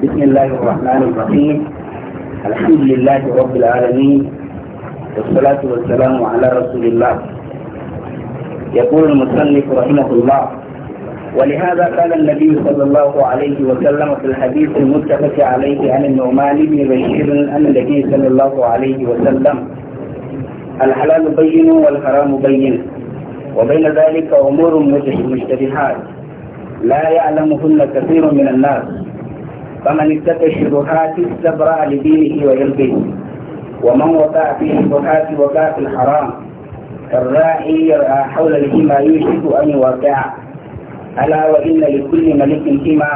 بسم الله الرحمن الرحيم الحمد لله رب العالمين والصلاة والسلام على رسول الله يقول المصنف رحمه الله ولهذا قال النبي صلى الله عليه وسلم في الحديث المتفق عليه عن النعمان بن بشير عن النبي صلى الله عليه وسلم الحلال بين والحرام بين وبين ذلك أمور مشتبهات لا يعلمهن كثير من الناس فمن اتقى الشبهات استبرأ لدينه وعرضه ومن وقع في الشبهات وقع في الحرام كالراعي يرعى حول الهما يوشك أن يوقع ألا وإن لكل ملك هما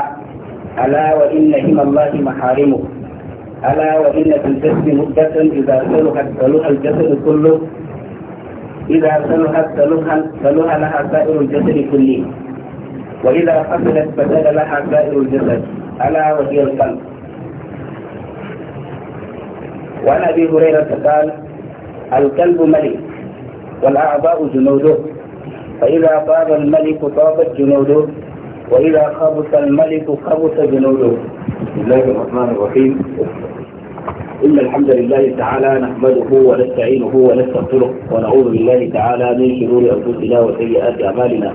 ألا وإن هما الله محارمه ألا وإن في الجسد مدة إذا سلحت سلح الجسد كله إذا سلحت سلح لها سائر الجسد كله وإذا فسدت فسد لها سائر الجسد على وجه القلب وعن أبي هريرة قال القلب ملك والأعضاء جنوده فإذا طاب الملك طابت جنوده وإذا خبث الملك خبث جنوده بسم الله الرحمن الرحيم إن الحمد لله تعالى نحمده ونستعينه ونستغفره ونعوذ بالله تعالى من شرور أنفسنا وسيئات أعمالنا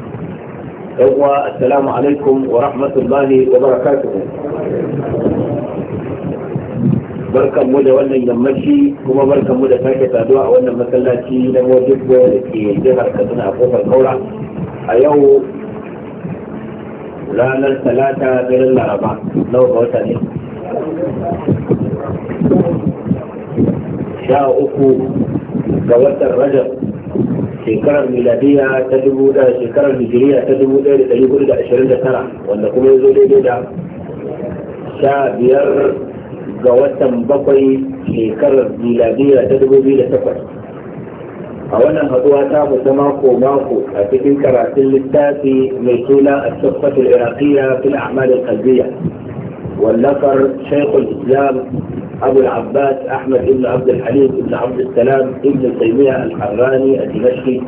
yawwa assalamu alaikum wa rahmatullahi wa barakatuhu barkan mu da wannan yammaci kuma barkan mu da sake saduwa a wannan masallaci na mojibbo da ke jihar katsina a kofar kaura a yau ranar talata garin laraba nawa ga wata ne sha uku ga watan rajab shekarar miladiya ta dubu da shekarar hijiriya ta dubu ɗaya da ɗari da ashirin da tara wanda kuma ya zo daidai da sha biyar ga watan bakwai shekarar miladiya ta dubu biyu da takwas a wannan haduwa ta musa mako mako a cikin karatun littafi mai suna a tsofatul iraqiyya fil a'malin qalbiyya wallafar shaykhul islam أبو العباس أحمد بن عبد الحليم بن عبد السلام بن تيمية الحراني الدمشقي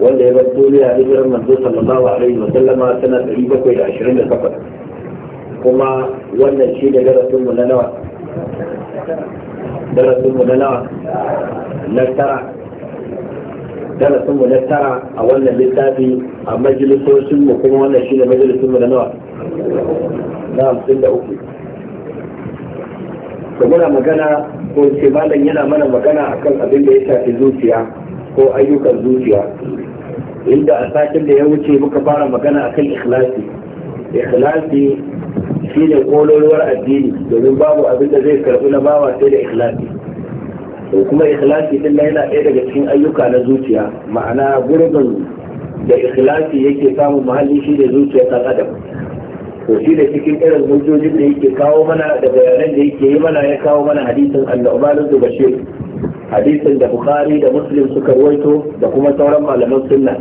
والذي يبدو لي هذه النبي صلى الله عليه وسلم سنة تقريبا إلى 20 فقط وما ولا شيء لغيرة مننا لغيرة مننا نكترى كان ثم نكترى أولا بالتابي مجلس وسلم وكما ولا شيء لمجلس مننا نعم سنة أكيد da muna magana ko ce malam yana mana magana akan abin da ya shafi zuciya ko ayyukan zuciya inda a satin da ya wuce muka fara magana akan ikhlasi ikhlasi shine kololuwar addini domin babu abin da zai karbi na bawa sai da ikhlasi to kuma ikhlasi din yana ɗaya daga cikin ayyuka na zuciya ma'ana gurbin da ikhlasi yake samun muhalli shi da zuciya ta adam to shi da cikin irin hujjojin da yake kawo mana da bayanan da yake yi mana ya kawo mana hadisin annabawan da bashir hadisin da bukhari da muslim suka ruwaito da kuma sauran malaman sunna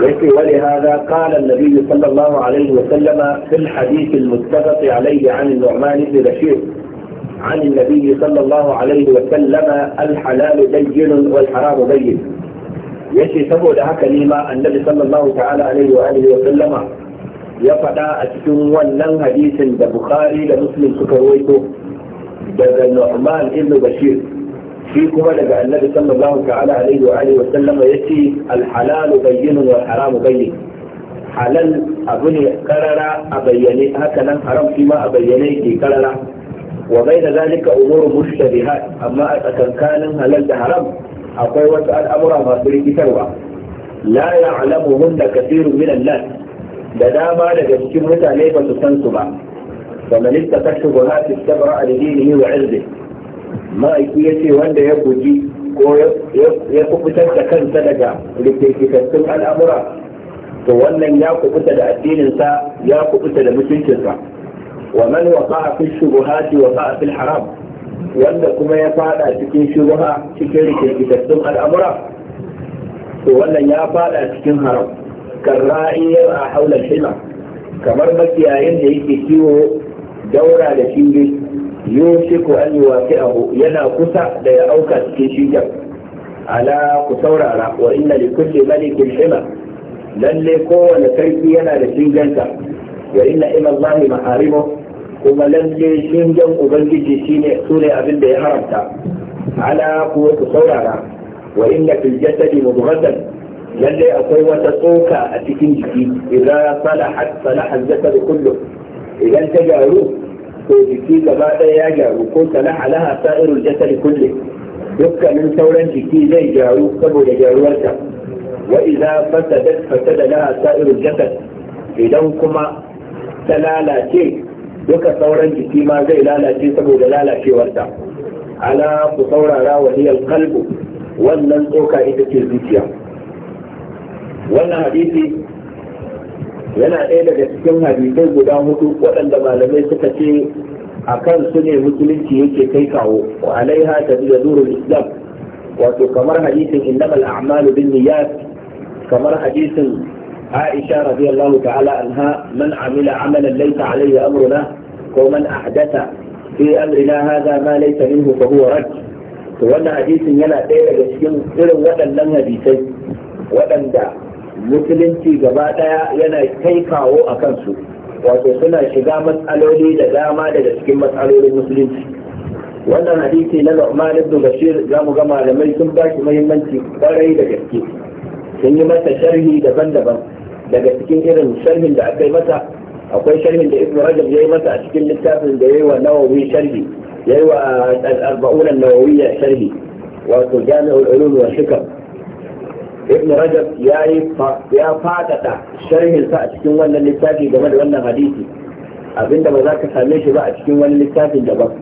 يكفي ولهذا قال النبي صلى الله عليه وسلم في الحديث المتفق عليه عن النعمان بن بشير عن النبي صلى الله عليه وسلم الحلال بين والحرام بين يشي سبو لها كلمة النبي صلى الله تعالى عليه وآله وسلم ya faɗa a cikin wannan hadisin da bukhari da muslim suka ruwaito? daga nu'man ibn bashir shi kuma daga annabi sallallahu ta'ala alaihi wa alihi wa sallama yace al halal bayyinun wal haram bayyin halal abu ne karara a bayyane haka nan haram shi ma a bayyane ke karara wa bai da zalika umuru mushtabihat amma a tsakankanin halal da haram akwai wasu al'amura masu rikitarwa la ya'lamuhunna kathirun min an-nas da dama daga cikin mutane ba su san su ba kamar lista kashe gona su tabara a dini wa irzi ma'aiki ya ce wanda ya guji ko ya kubutar da kansa daga rikikikattun al'amura to wannan ya kubuta da addininsa ya kubuta da mutuncinsa wa man waqa'a fi shubuhati waqa'a fil haram wanda kuma ya fada cikin shubuha cikin rikikikattun al'amura to wannan ya fada cikin haram كالراعي يرعى حول الحمى kamar makiyayin da yake kiwo daura da shinge yushiku an yi wafi'ahu yana kusa da ya auka cikin shingen ala ku saurara wa inna li kulli malikin hima lalle kowane sarki yana da shingenta wa inna ila allahi maharimu kuma lalle shingen ubangiji shine sune abin da ya haramta ala ku ku saurara wa inna fil jasadi mudghatan lalle akwai wata tsoka a cikin jiki idan salahat salahat da kullum idan ta gyaru to jiki gaba ɗaya ya gyaru ko salaha laha sa'irul jasad kullum dukkanin sauran jiki zai gyaru saboda gyaruwarta wa idza fasadat fasada laha sa'irul jasad idan kuma ta lalace duka sauran jiki ma zai lalace saboda lalacewarta ala ku saurara wa hiyal qalbu wannan tsoka ita ce zuciya wannan hadisi yana ɗaya daga cikin hadisai guda hudu waɗanda malamai suka ce a kan su ne musulunci yake kai kawo wa alaiha ta da islam wato kamar hadisin innamal a'malu bin niyyat kamar hadisin aisha radiyallahu ta'ala anha man amila amalan laysa alayhi amruna ko man ahdatha fi amrina hadha ma laysa minhu fa huwa rad to wannan hadisin yana ɗaya daga cikin irin waɗannan hadisai waɗanda musulunci gaba daya yana kai kawo a kansu wato suna shiga matsaloli da dama daga cikin matsalolin musulunci wannan hadisi na Nu'man ibn Bashir za mu ga malamai sun ba shi muhimmanci kwarai da gaske sun yi masa sharhi daban-daban daga cikin irin sharhin da aka yi masa akwai sharhin da Ibn Rajab ya yi masa a cikin littafin da ya yi wa Nawawi sharhi ya yi wa al-Arba'un an-Nawawiyya sharhi wato Jami'ul Ulum wa Hikam ibn rajab ya yi ya fadada sharhin a cikin wannan littafi game da wannan hadisi abinda ba za ka same shi ba a cikin wani littafin daban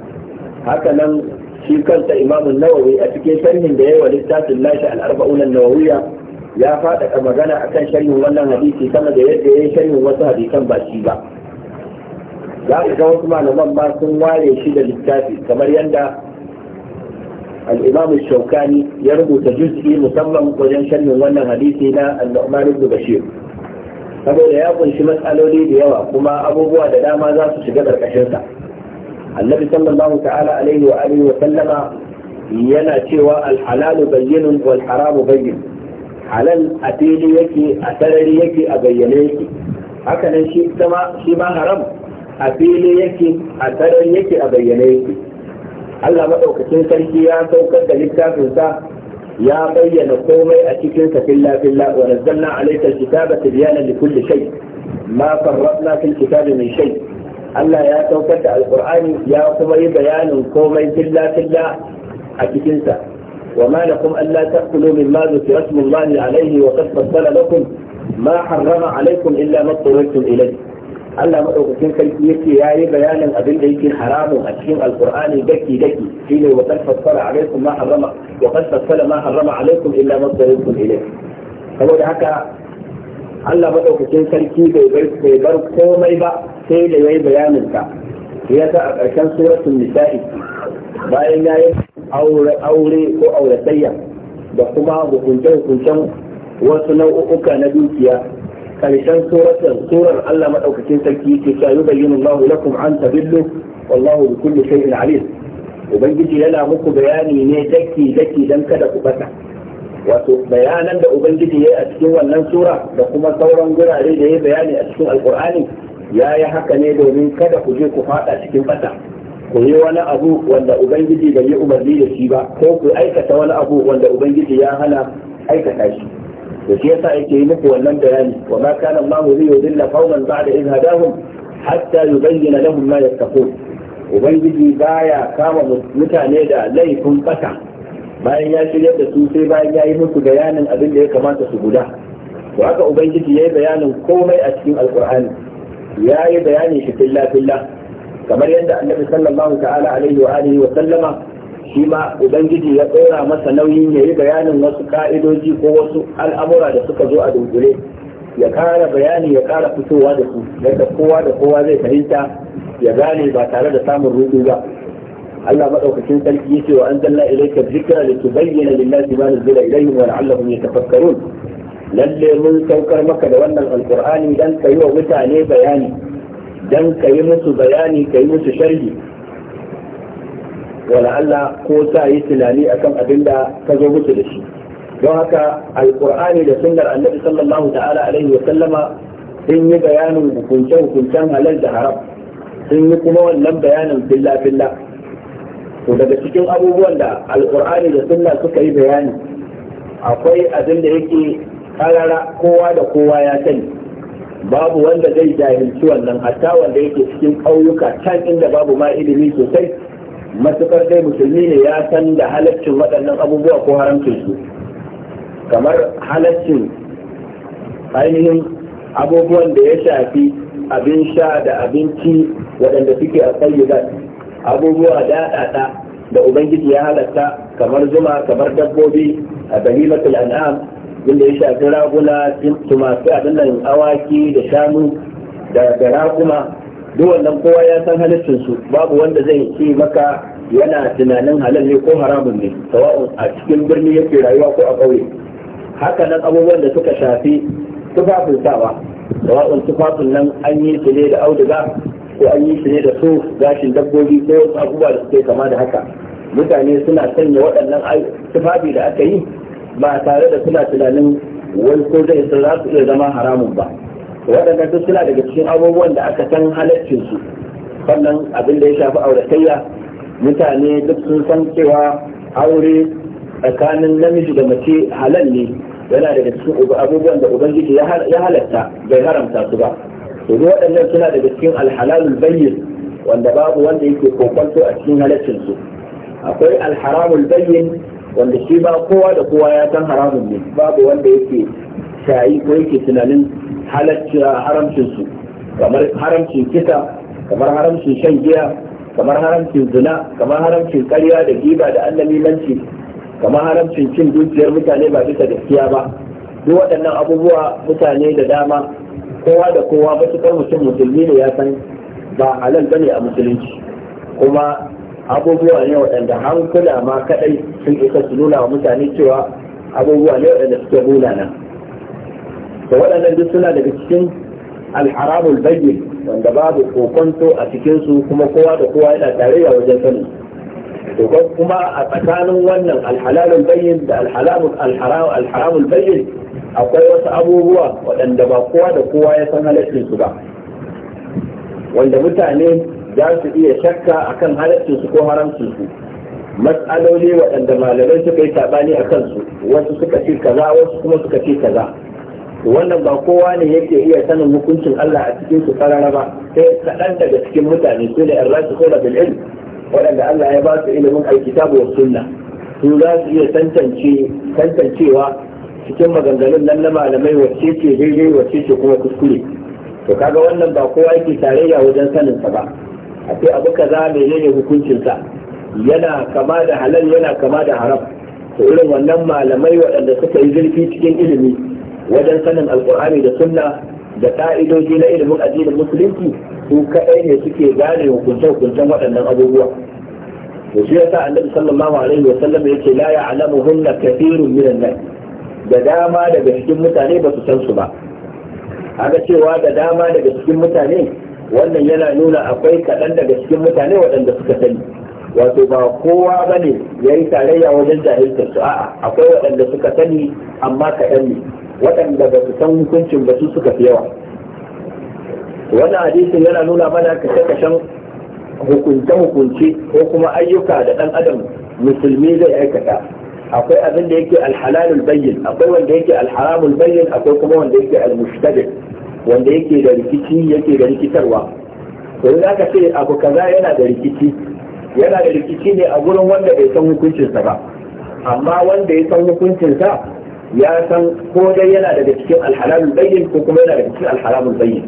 haka nan shi kansa imamu nawawi a cikin sharhin da yayi wa littafin nashi al-arba'un an-nawawiyya ya fadada magana akan sharhin wannan hadisi sama da yadda yayi sharhin wasu hadisan ba shi ba za ka ga wasu malaman ma sun ware shi da littafi kamar yadda al-imam shaukani ya rubuta juz'i musamman wajen sharhin wannan hadisi na al-nu'man bashir saboda ya ƙunshi matsaloli da yawa kuma abubuwa da dama za su shiga karkashin sa annabi sallallahu ta'ala wa alihi wa yana cewa al-halalu bayyinun wal haramu bayyin a fili yake a sarari yake a bayyane yake haka shi haram a fili yake a sarari yake a bayyane yake Allah madaukakin sarki ya saukar da littafin sa ya bayyana komai a cikin sa filla la wa nazzalna alayka alkitaba tibyana li kulli shay ma farratna fil kitabi min shay Allah ya saukar da alqur'ani ya kuma yi bayanin komai filla la a cikin sa wa وما لكم ألا تأكلوا مما ذكر اسم الله عليه وقد فصل لكم ما حرم عليكم إلا ما اضطررتم ilayhi Allah madaukakin sarki yake yayi bayanin abin da yake haramun a cikin alkur'ani daki daki shine wa qad fassara ma harrama wa qad fassala ma harrama alaikum illa ma tadrukum ilayh saboda haka Allah madaukakin sarki bai bar komai ba sai da yayi bayanin sa ya sa a ƙarshen suratul nisa'i bayan yayi aure aure ko auratayya da kuma hukunce hukuncen wasu nau'uka na dukiya karshen surar Allah maɗaukacin sarki ke cewa yubayyinu allah lakum an tabillu wallahu bi kulli shay'in alim ubangiji yana muku bayani ne daki daki dan kada ku bata wato bayanan da ubangiji yayi a cikin wannan sura da kuma sauran gurare da yayi bayani a cikin alqur'ani ya yi haka ne domin kada ku je ku fada cikin bata ku yi wani abu wanda ubangiji bai yi umarni da shi ba ko ku aikata wani abu wanda ubangiji ya hana aikata shi da shi yasa yake yi muku wannan bayani wa ma kana Allahu li yudilla qauman ba'da idh hadahum hatta yubayyana lahum ma yattaqun ubangiji baya kama mutane da laifin fata bayan ya shirya da su sai bayan ya yi musu bayanin abin da ya kamata su guda to haka ubangiji ya yi bayanin komai a cikin alkur'ani ya yi bayanin shi filla filla kamar yadda annabi sallallahu ta'ala alaihi wa alihi wa sallama shi ma ubangiji ya tsora masa nauyin ya yi bayanin wasu ka'idoji ko wasu al'amura da suka zo a dunkule ya kara bayani ya kara fitowa da su yadda kowa da kowa zai fahimta ya gane ba tare da samun rudu ba Allah madaukakin sarki yace wa anzalna ilayka dhikra litubayyana lin-nasi ma nuzila ilayhim wa la'allahum yatafakkarun lalle mun saukar maka da wannan alqur'ani dan kai wa mutane bayani dan kai musu bayani kai musu sharhi wala Allah ko sa yi tunani akan abin da ka zo musu da shi don haka alkur'ani da sunnar annabi sallallahu ta'ala alaihi wa sallama sun yi bayanin hukunce hukuncen halal da haram sun yi kuma wannan bayanin filla filla to daga cikin abubuwan da alkur'ani da sunna suka yi bayani akwai abin da yake karara kowa da kowa ya sani babu wanda zai jahilci wannan hatta wanda yake cikin ƙauyuka can inda babu ma ilimi sosai matukar dai musulmi ne ya san da halaccin waɗannan abubuwa ko haramcin su kamar halaccin ainihin abubuwan da ya shafi abin sha da abinci waɗanda suke a tsayyudan abubuwa daɗaɗa da ubangiji ya halatta kamar zuma kamar dabbobi a bahimatul an'am inda ya shafi raguna tumafi abin nan awaki da shanu da raguma duk wannan kowa ya san halittin su babu wanda zai ce maka yana tunanin halal ne ko haramun ne sawa'un a cikin birni yake rayuwa ko a ƙauye haka nan abubuwan da suka shafi tufafin sawa sawa'un tufafin nan an yi su ne da auduga ko an yi su ne da su gashin dabbobi ko wasu abubuwa da suke kama da haka mutane suna sanya waɗannan tufafi da aka yi ba tare da suna tunanin wani ko zai za su iya zama haramun ba waɗanda duk suna daga cikin abubuwan da aka san halaccin su sannan abin da ya shafi auratayya mutane duk sun san cewa aure tsakanin namiji da mace halal ne yana daga cikin abubuwan da ubangiji ya halatta bai haramta su ba to duk waɗannan suna daga cikin alhalalul bayyin wanda babu wanda yake kokonto a cikin halaccin su akwai alharamul bayyin wanda shi ba kowa da kowa ya san haramun ne babu wanda yake shayi ko yake tunanin halaccin haramcin su kamar haramcin kisa kamar haramcin shan giya kamar haramcin zina kamar haramcin karya da giba da lanci, kamar haramcin cin dukiyar mutane ba bisa gaskiya ba duk waɗannan abubuwa mutane da dama kowa da kowa matuƙar mutum musulmi ne ya san ba halal bane a musulunci kuma abubuwa ne waɗanda hankula ma kaɗai sun isa su nuna wa mutane cewa abubuwa ne waɗanda suke nuna nan to waɗannan duk suna daga cikin alharamul bayyin wanda babu kokonto a cikin su kuma kowa da kowa yana tarayya wajen sanin to kuma a tsakanin wannan alhalalul bayyin da alhalamul alharam alharamul bayyin akwai wasu abubuwa waɗanda ba kowa da kowa ya san halaccin su ba wanda mutane za su iya shakka akan halaccin su ko haramcin su mas'aloli waɗanda malamai suka yi saɓani a kansu wasu suka ce kaza wasu kuma suka ce kaza wannan ba kowa ne yake iya sanin hukuncin Allah a cikin su karara ba sai kaɗan daga cikin mutane su ne an rasu kola bil ilm waɗanda Allah ya ba su ilimin alkitabu wa sunna su za su iya tantancewa cikin maganganun nan na malamai wacce ce daidai wacce ce kuma kuskure to kaga wannan ba kowa yake tarayya wajen sanin sa ba a sai abu kaza menene hukuncin sa yana kama da halal yana kama da haram to irin wannan malamai waɗanda suka yi zurfi cikin ilimi wajen sanin alkur'ani da sunna da ka'idoji na ilimin addinin musulunci su kaɗai ne suke gane hukunce hukuncen waɗannan abubuwa to shi yasa annabi sallallahu alaihi wa sallam yace la ya'lamuhunna kathirun minan nas da dama daga cikin mutane ba su san su ba aga cewa da dama daga cikin mutane wannan yana nuna akwai kaɗan daga cikin mutane waɗanda suka sani wato ba kowa ba ne ya yi tarayya wajen jahiltar su a'a akwai waɗanda suka sani amma kaɗan ne waɗanda ba su san hukuncin ba su suka fi yawa wannan hadisin yana nuna mana kashe-kashen hukunce-hukunce ko kuma ayyuka da ɗan adam musulmi zai aikata akwai abin da yake alhalalul bayyin akwai wanda yake alharamul bayyin akwai kuma wanda yake almushtabil wanda yake da rikici yake da rikitarwa to in aka ce abu kaza yana da rikici yana da rikici ne a gurin wanda bai san hukuncinsa ba amma wanda ya san hukuncinsa ya san ko dai yana daga cikin alhalalul bayyin ko kuma yana daga cikin alharamul bayyin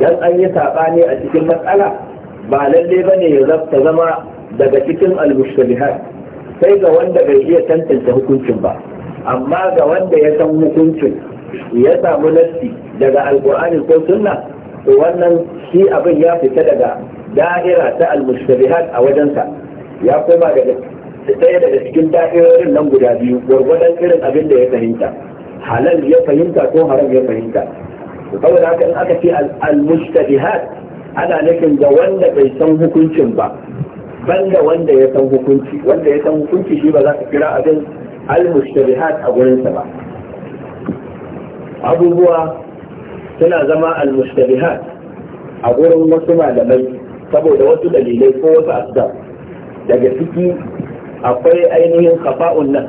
dan an yi sabani a cikin matsala ba lalle bane ya zafta zama daga cikin almushtabihat sai ga wanda bai iya tantance hukuncin ba amma ga wanda ya san hukuncin ya samu nassi daga alqur'ani ko sunna to wannan shi abin ya fita daga da'ira ta al-mustabihat a wajensa ya koma daga ɗaya daga cikin da'irorin nan guda biyu gwargwadon irin abin da ya fahimta halal ya fahimta ko haram ya fahimta saboda haka in aka ce al-mustabihat ana nufin da wanda bai san hukuncin ba banda wanda ya san hukunci wanda ya san hukunci shi ba za ka kira abin al-mustabihat a gurinsa ba abubuwa suna zama al-mustabihat a gurin wasu malamai saboda wasu dalilai ko wasu asbab daga ciki akwai ainihin khafa'un nan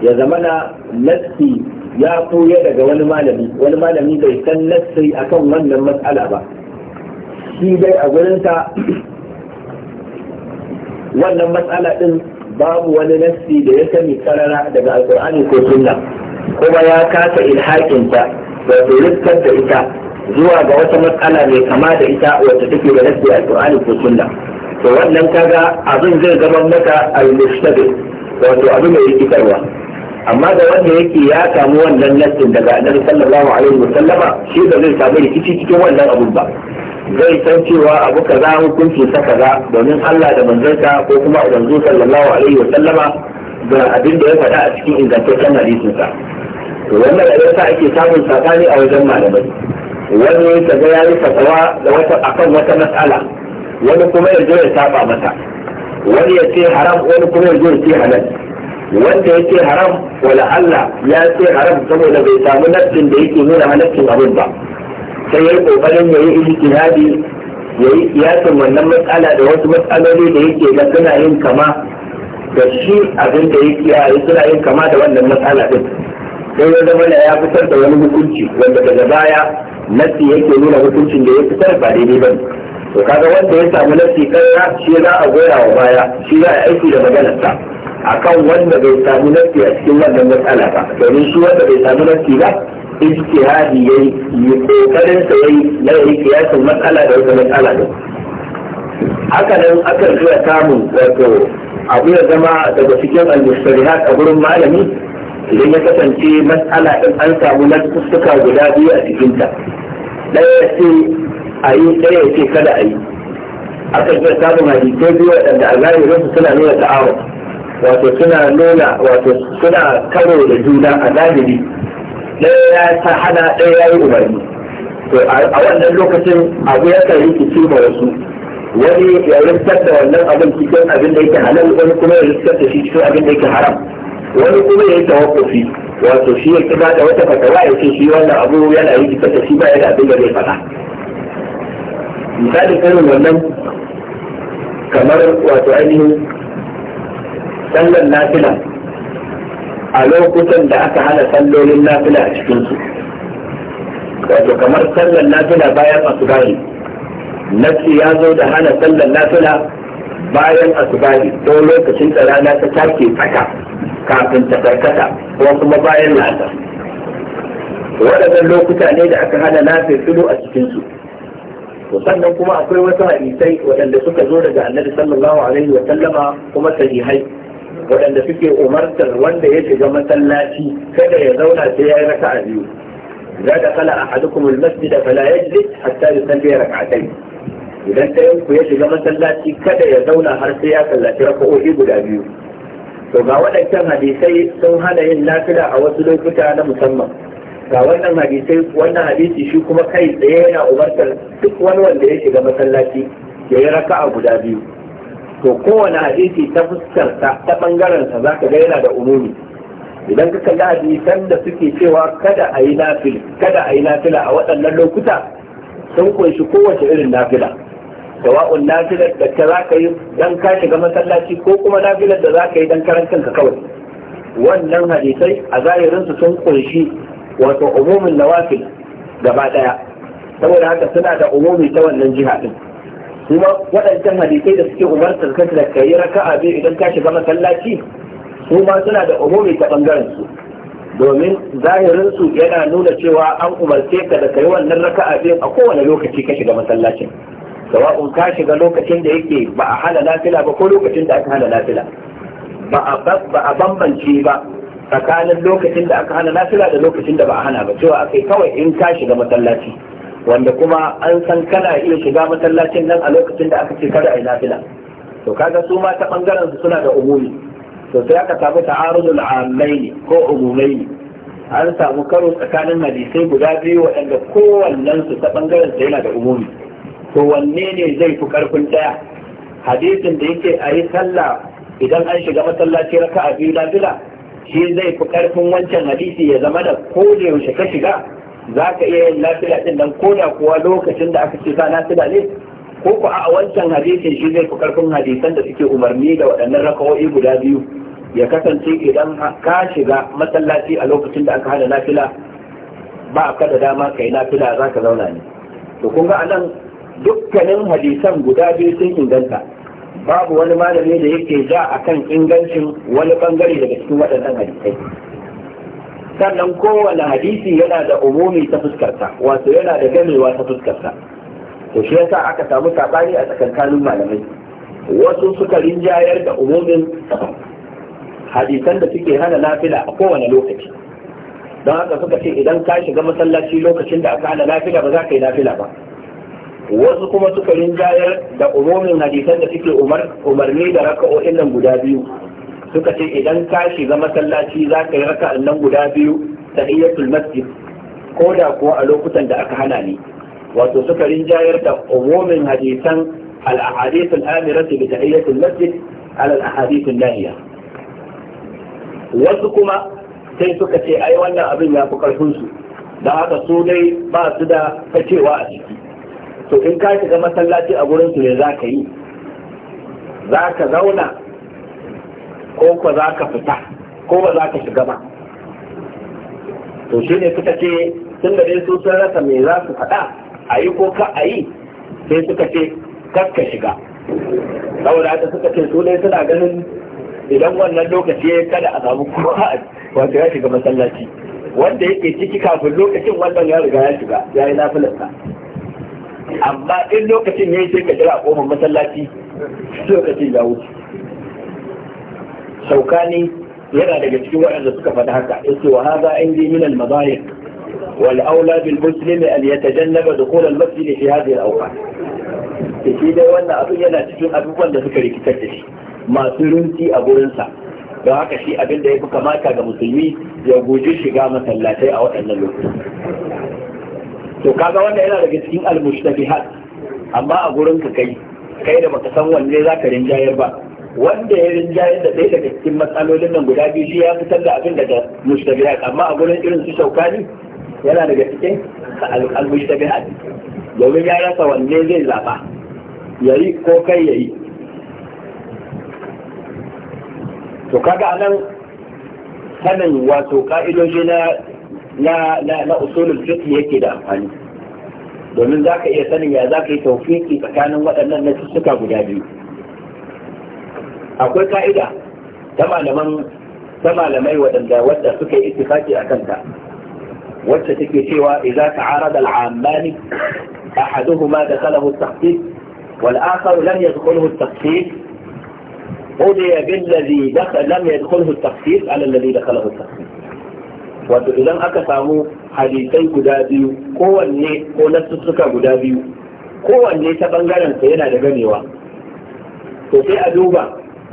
ya na nassi ya koya daga wani malami wani malami bai san nassi akan wannan matsala ba shi dai a gurinsa wannan matsala din babu wani nassi da ya sani karara daga alkur'ani ko sunna kuma ya kasa ilhaƙinta ba rikar da ita zuwa ga wata matsala mai kama da ita wata take da nasi alqur'ani ko sunna to wannan kaga abin zai zama maka al-mustabil wato abu mai rikitarwa amma da wanda yake ya samu wannan nassin daga annabi sallallahu alaihi wa sallama shi da zai samu rikici cikin wannan abun ba zai san cewa abu kaza hukunci sa kaza domin Allah da manzonsa ko kuma manzo sallallahu alaihi wa sallama ga abin da ya faɗa a cikin ingantaccen hadisin sa to wannan da yasa ake samun sakani a wajen malamai wani kaga ya yi fatawa da wata akan wata mas'ala, wani kuma ya zo ya saba mata wani ya ce haram wani kuma ya zo ya ce halal wanda ya ce haram wala Allah ya ce haram saboda bai samu nassin da yake nuna halaccin abin ba sai ya yi kokarin ya yi ijtihadi ya yi kiyasin wannan mas'ala da wasu matsaloli da yake ga suna yin kama da shi abin da yake ya suna yin kama da wannan matsala din sai ya zama ya fitar da wani hukunci wanda daga baya nassi yake nuna hukuncin da ya fitar ba daidai ba to kaga wanda ya samu nassi kanka shi za a goya wa baya shi za a aiki da maganarsa akan wanda bai samu nassi a cikin wannan matsala ba domin shi wanda bai samu nassi ba ijtihadi yayi yi kokarin sa yayi na yayi kiyasin matsala da wata matsala ne haka nan aka zuwa samu wato abu ya zama daga cikin al-mustarihat a gurin malami idan ya kasance matsala din an samu na suka guda biyu a cikinta ɗaya ce a yi ɗaya ce kada a yi aka ga samun hadisai biyu waɗanda a zahirin su suna nuna ta'awun wato suna nuna wato suna karo da juna a zahiri ɗaya ya ta hana ɗaya ya yi umarni to a wannan lokacin abu ya kan rikici ma wasu wani ya rikitar da wannan abin cikin abin da yake halal wani kuma ya rikitar da shi cikin abin da yake haram wani kuma ya yi tawakkufi wato shi ya kira da wata fatawa ya ce shi wannan abu yana yi kisa da shi ba da abin da zai faɗa misali karin wannan kamar wato ainihin sallar nafila a lokutan da aka hana sallolin nafila a cikinsu wato kamar sallar nafila bayan asubari nafsi ya zo da hana sallar nafila bayan asubari ko lokacin da rana ta take tsaka kafin ta karkata ko kuma bayan la'asar waɗannan lokuta ne da aka hana nafe filo a cikinsu to sannan kuma akwai wasu hadisai waɗanda suka zo daga annabi sallallahu alaihi wa sallama kuma sahihai waɗanda suke umartar wanda ya shiga masallaci kada ya zauna sai ya yi raka'a biyu za da kala a hadukumul masjida fala yajlis hatta yusalli raka'atayn idan ɗayan ku ya shiga masallaci kada ya zauna har sai ya sallaci raka'o'i guda biyu to ga waɗancan hadisai sun hana yin nafila a wasu lokuta na musamman ga wannan hadisai wannan hadisi shi kuma kai tsaye yana umartar duk wani wanda ya shiga masallaci ya yi raka'a guda biyu to kowane hadisi ta fuskar ta bangaren sa zaka ga yana da umumi idan ka kalli hadisan da suke cewa kada a yi nafila kada a yi lafiya a waɗannan lokuta sun kunshi kowace irin nafila sawa'un nafilar da ta zaka yi dan ka shiga masallaci ko kuma nafilar da zaka yi dan karantin ka kawai wannan hadisai a zahirin su sun kunshi wato umumin nawafil gaba daya saboda haka suna da umumi ta wannan jiha din kuma waɗancan hadisai da suke umartar kanka da kai raka'a biyu idan ka shiga masallaci su ma suna da umumi ta bangaren su domin zahirinsu yana nuna cewa an umarce ka da kai wannan raka'a biyu a kowane lokaci ka shiga masallacin sawa'un ka shiga lokacin da yake ba a hana nafila ba ko lokacin da aka hana nafila ba a bambance ba tsakanin lokacin da aka hana nafila da lokacin da ba a hana ba cewa akai kawai in ka shiga masallaci wanda kuma an san kana iya shiga masallacin nan a lokacin da aka ce kada a yi nafila to kaga su ma ta bangaren su suna da umumi to sai aka samu ta'arudul amaini ko umumaini an samu karo tsakanin hadisai guda biyu waɗanda kowannen ta bangaren su yana da umumi to wanne ne zai fi karfin daya hadisin da yake a yi sallah idan an shiga masallaci raka a biyu nafila shi zai fi karfin wancan hadisi ya zama da ko da yaushe ka shiga za ka iya yin nafila din nan ko da kuwa lokacin da aka ce sa nafila ne ko ku a wancan hadisin shi zai fi karfin hadisan da suke umarni da waɗannan raka'o'i guda biyu ya kasance idan ka shiga masallaci a lokacin da aka hana nafila ba ka da dama ka yi nafila za ka zauna ne to kun ga anan dukkanin hadisan guda biyu sun inganta babu wani malami da yake ja a kan ingancin wani bangare daga cikin waɗannan hadisai sannan kowane hadisi yana da umumi ta fuskarsa wato yana da gamewa ta fuskarsa to shi yasa aka samu sabani a tsakankanin malamai wasu suka rinjayar da umumin hadisan da suke hana nafila a kowane lokaci don haka suka ce idan ka shiga masallaci lokacin da aka hana nafila ba za ka yi nafila ba wasu kuma suka jayar da umumin hadisan da suke umarni da raka'o'in nan guda biyu suka ce idan ka shiga masallaci za ka yi raka'an nan guda biyu ta tahiyyatul masjid ko da kuwa a lokutan da aka hana ne wato suka jayar da umumin hadisan al-ahadith da amirati bi tahiyyatul masjid ala nahiya wasu kuma sai suka ce ai wannan abin ya fi karfin su da haka su dai ba su da kacewa a ciki to in ka shiga masallaci a gurin su ne za ka yi za ka zauna ko ko za ka fita ko ba za ka shiga ba to shi ne suka ce tun da dai su sun rasa me za su faɗa a yi ko ka a yi sai suka ce kar ka shiga saboda ta suka ce su ne suna ganin idan wannan lokaci ya kada a samu kowa wato ya shiga masallaci wanda yake ciki kafin lokacin wannan ya riga ya shiga ya yi nafilarsa amma in lokacin yayi sai ka jira kofar masallaci lokacin ya wuce saukani yana daga cikin waɗanda suka faɗi haka yace wa hadha indi min al madayiq wal aula bil muslimi an da dukhul al masjid fi hadhihi al shi dai wannan abin yana cikin abubuwan da suka rikitar da shi masu runti a gurinsa don haka shi abin da ya fi kamata ga musulmi ya guji shiga masallatai a waɗannan lokacin. to kaga wanda yana daga cikin almustabihat amma a gurin ka kai kai da baka san wanne zaka ka rinjayar ba wanda ya rinjayar da ɗaya daga cikin matsalolin nan guda biyu shi ya fitar da abin daga mustabihat amma a gurin irin su shaukani yana daga cikin almustabihat domin ya rasa wanne zai zaba yayi ko kai yayi to kaga anan sanin wato ka'idoji na na na na usulul fiqh yake da amfani domin zaka iya sanin ya zaka yi tawfiki tsakanin waɗannan nasussuka guda biyu akwai ka'ida ta malaman ta malamai waɗanda wadda suka yi ittifaki a kanta wacce take cewa idza ta'arada al-ammani ahaduhuma dakhalahu at-tahqiq والآخر لم يدخله التخفيف قضي بالذي دخل لم يدخله التخفيف على الذي دخله التخفيف wato idan aka samu hadisai guda biyu kowanne ko nasussuka guda biyu kowanne ta bangaren sa yana da ganewa to sai a duba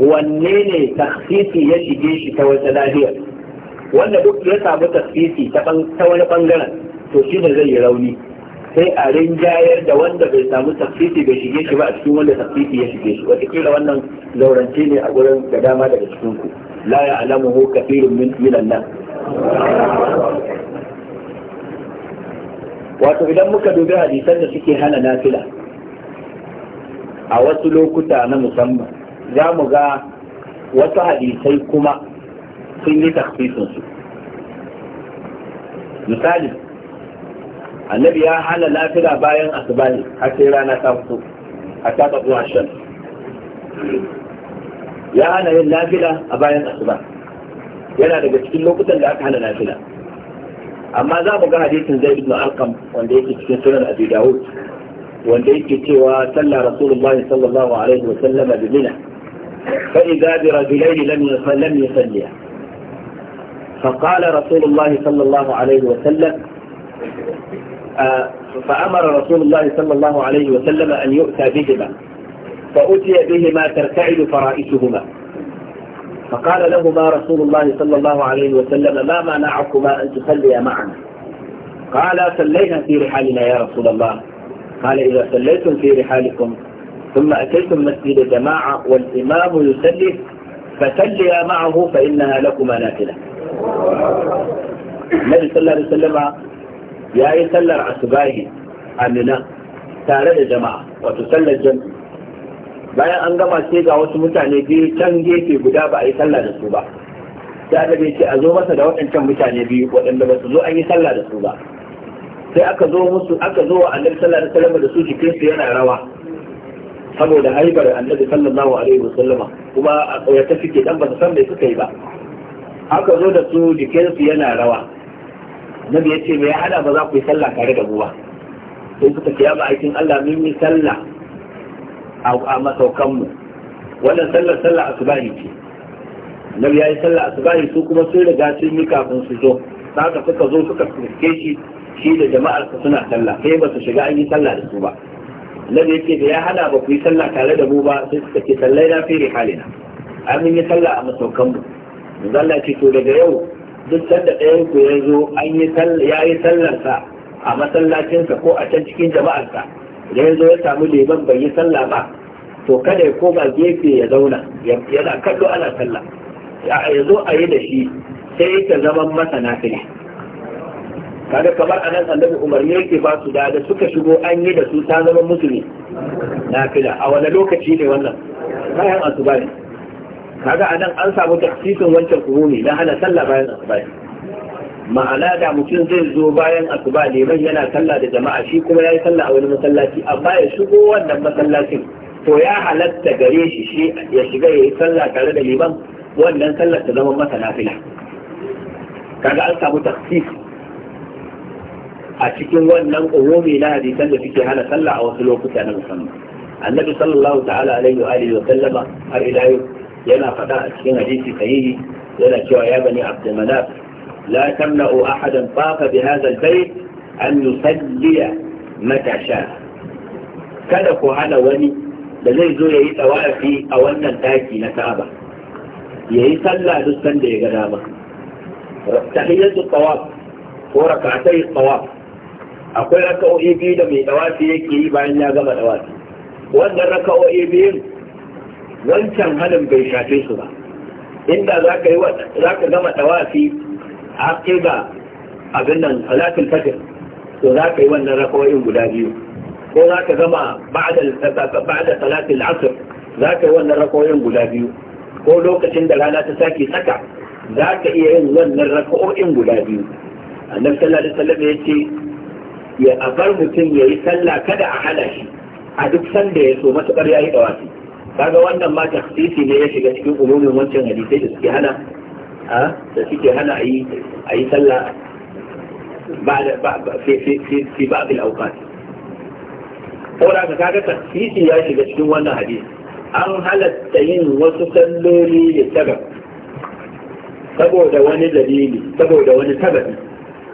wanne ne takhsisi ya shige shi ta wata lahiyar wanda duk ya samu takhsisi ta wani bangaren to shi ne zai yi rauni sai a rinjayar da wanda bai samu tafsiri bai shige shi ba a cikin wanda tafsiri ya shige shi kira wannan zaurance ne a gurin da dama daga cikin ku la ya alamu ko kafirin min minan nan wato idan muka dubi hadisan da suke hana nafila a wasu lokuta na musamman za mu ga wasu hadisai kuma sun yi takfisinsu misali annabi ya hana nafila bayan asuba ne har sai rana ta fito a ta shan ya hana yin nafila a bayan asuba yana daga cikin lokutan da aka hana nafila amma za mu ga hadisin zai ibn alqam wanda yake cikin sunan abi dawud wanda yake cewa sallar rasulullahi sallallahu alaihi wa sallama bi mina fa idza bi rajulayn lam yusallam yusalliya فقال رسول الله صلى الله عليه وسلم فأمر رسول الله صلى الله عليه وسلم أن يؤتى بهما فأتي بهما ترتعد فرائسهما فقال لهما رسول الله صلى الله عليه وسلم ما منعكما أن تصليا معنا قال صلينا في رحالنا يا رسول الله قال إذا صليتم في رحالكم ثم أتيتم مسجد جماعة والإمام يسلي فسليا معه فإنها لكما نافلة النبي صلى الله عليه وسلم يا يسلر عسبائه أمنا تارد جماعة وتسلى الجنب bayan an gama sai ga wasu mutane biyu can gefe guda ba a yi sallah da su ba sai aka ce a zo masa da waɗancan mutane biyu waɗanda ba su zo an yi sallah da su ba sai aka zo musu aka zo wa annabi sallallahu alaihi wasallam da su jikin su yana rawa saboda haibar annabi sallallahu alaihi wasallama kuma a ta fike dan ba su san me suka yi ba aka zo da su jikin su yana rawa annabi ya ce me ya hada ba za ku yi sallah tare da mu ba sai suka ce ya ba aikin Allah mun yi sallah a masaukanmu wannan sallar sallar asubahi ce annabi ya yi sallar asubahi su kuma sun riga sun yi kafin su zo haka suka zo suka fuske shi shi da jama'ar su suna sallah sai ba su shiga an yi sallah da su ba annabi yake da ya hana ba ku yi sallah tare da mu ba sai suka ce sallai na fere halina an yi sallah a masaukanmu manzo Allah ce to daga yau duk sanda ɗayan ku ya zo an yi sallah ya yi sallarsa a masallacinsa ko a can cikin jama'arsa da ya zo ya samu leban bai yi sallah ba to kada ya koma gefe ya zauna yana kallo ana sallah ya zo a yi da shi sai ta zama masa nafila kada kamar anan annabi umarni yake ba su da suka shigo an yi da su ta zama musulmi nafila a wani lokaci ne wannan bayan asuba ne kaga anan an samu tafsirin wancan umumi na hana sallah bayan asuba ma'ana da mutum zai zo bayan asuba Liman yana sallah da jama'a shi kuma ya yi sallah a wani masallaci amma ya shigo wannan masallacin to ya halatta gare shi shi ya shiga ya yi sallah tare da liman wannan sallar ta zama masa nafila kaga an samu taksif a cikin wannan umumi na hadisan da suke hana sallah a wasu lokuta na musamman annabi sallallahu ta'ala alaihi wa alihi wa sallama har ila yau yana faɗa a cikin hadisi sahihi yana cewa ya bani abdulmanaf لا تمنعوا أحدا طاف بهذا البيت أن يصلي متى شاء kada ku hana wani da zai zo ya yi tsawafi a wannan taki na Ka'aba ya yi sallah duk sanda ya ga dama tahiyyatu tawaf ko rakatai tawaf akwai raka'o'i biyu da mai tsawafi yake yi bayan ya gama tsawafi wannan raka'o'i biyun wancan halin bai shafe su ba inda za ka gama tsawafi har kai ga abin nan salatul fajr to za ka yi wannan rakawoyin guda biyu ko za ka gama ba'da salatul asr za ka yi wannan rakawoyin guda biyu ko lokacin da rana ta sake saka za ka iya yin wannan rakawoyin guda biyu annabi sallallahu alaihi wasallam ya ce ya abar mutum ya yi sallah kada a hana shi a duk sanda ya so matukar ya yi dawasi kaga wannan ma tafsiri ne ya shiga cikin umumin wancan hadisai da suke hana da suke hana a yi sallah fi ba'bil awqat saboda ka kaga tasisi ya shiga cikin wannan hadisi an halatta yin wasu salloli da sabab saboda wani dalili saboda wani sababi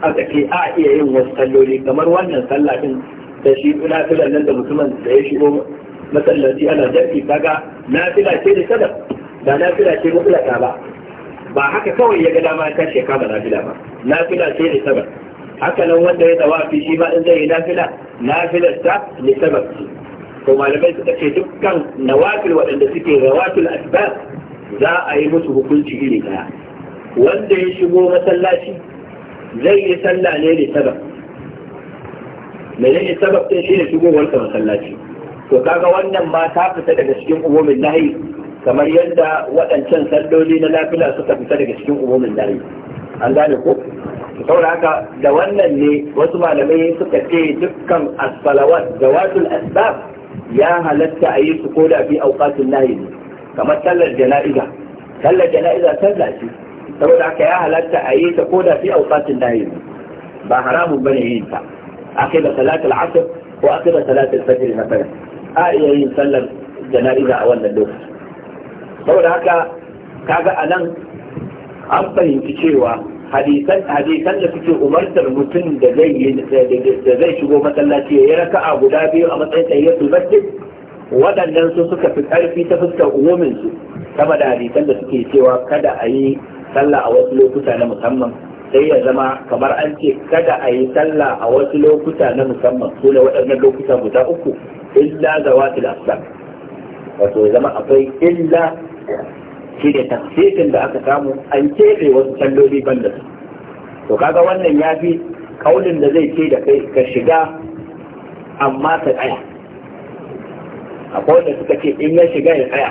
aka ce a iya yin wasu salloli kamar wannan sallah din da shi na filan nan da mutumin da ya shigo masallaci ana jarki kaga na fila ce da sabab da na fila ce mutlaka ba ba haka kawai ya ga dama ya sheka ya kama nafila ba nafila sai da sabab haka nan wanda ya tawafi shi ma in zai yi nafila nafilar ta ne sabab to malamai suka ce dukkan nawafil waɗanda suke rawatul asbab za a yi musu hukunci iri ɗaya wanda ya shigo masallaci zai yi sallah ne da sabab menene sabab ɗin shi ne shigowar masallaci to kaga wannan ma ta fita daga cikin umumin nahi kamar yadda waɗancan salloli na lafiya suka fita daga cikin umumin dare an gane ko saboda haka da wannan ne wasu malamai suka ce dukkan as da zawatul asbab ya halatta a yi su ko da fi auqatul nahi kamar sallar jana'iza sallar jana'iza sallah ce saboda haka ya halatta a yi ta ko da fi auqatul nahi ba haramun bane yin ta akida salatul asr ko akida salatul fajr na fara a iya yin sallar jana'iza a wannan lokaci saboda haka kaga anan an fahimci cewa hadisan da suke umartar mutum da zai da zai shigo masallaci ya raka a guda biyu a matsayin su masjid waɗannan su suka fi ƙarfi ta fuskar umumin su sama da hadisan da suke cewa kada a yi sallah a wasu lokuta na musamman sai ya zama kamar an ce kada a yi sallah a wasu lokuta na musamman su ne waɗannan lokuta guda uku illa zawatul asar wato ya zama akwai illa shi ne tafsirin da aka samu an keɓe wasu salloli ban da su to kaga wannan ya fi kaulin da zai ce da kai ka shiga amma ka tsaya akwai wanda suka ce in ya shiga ya tsaya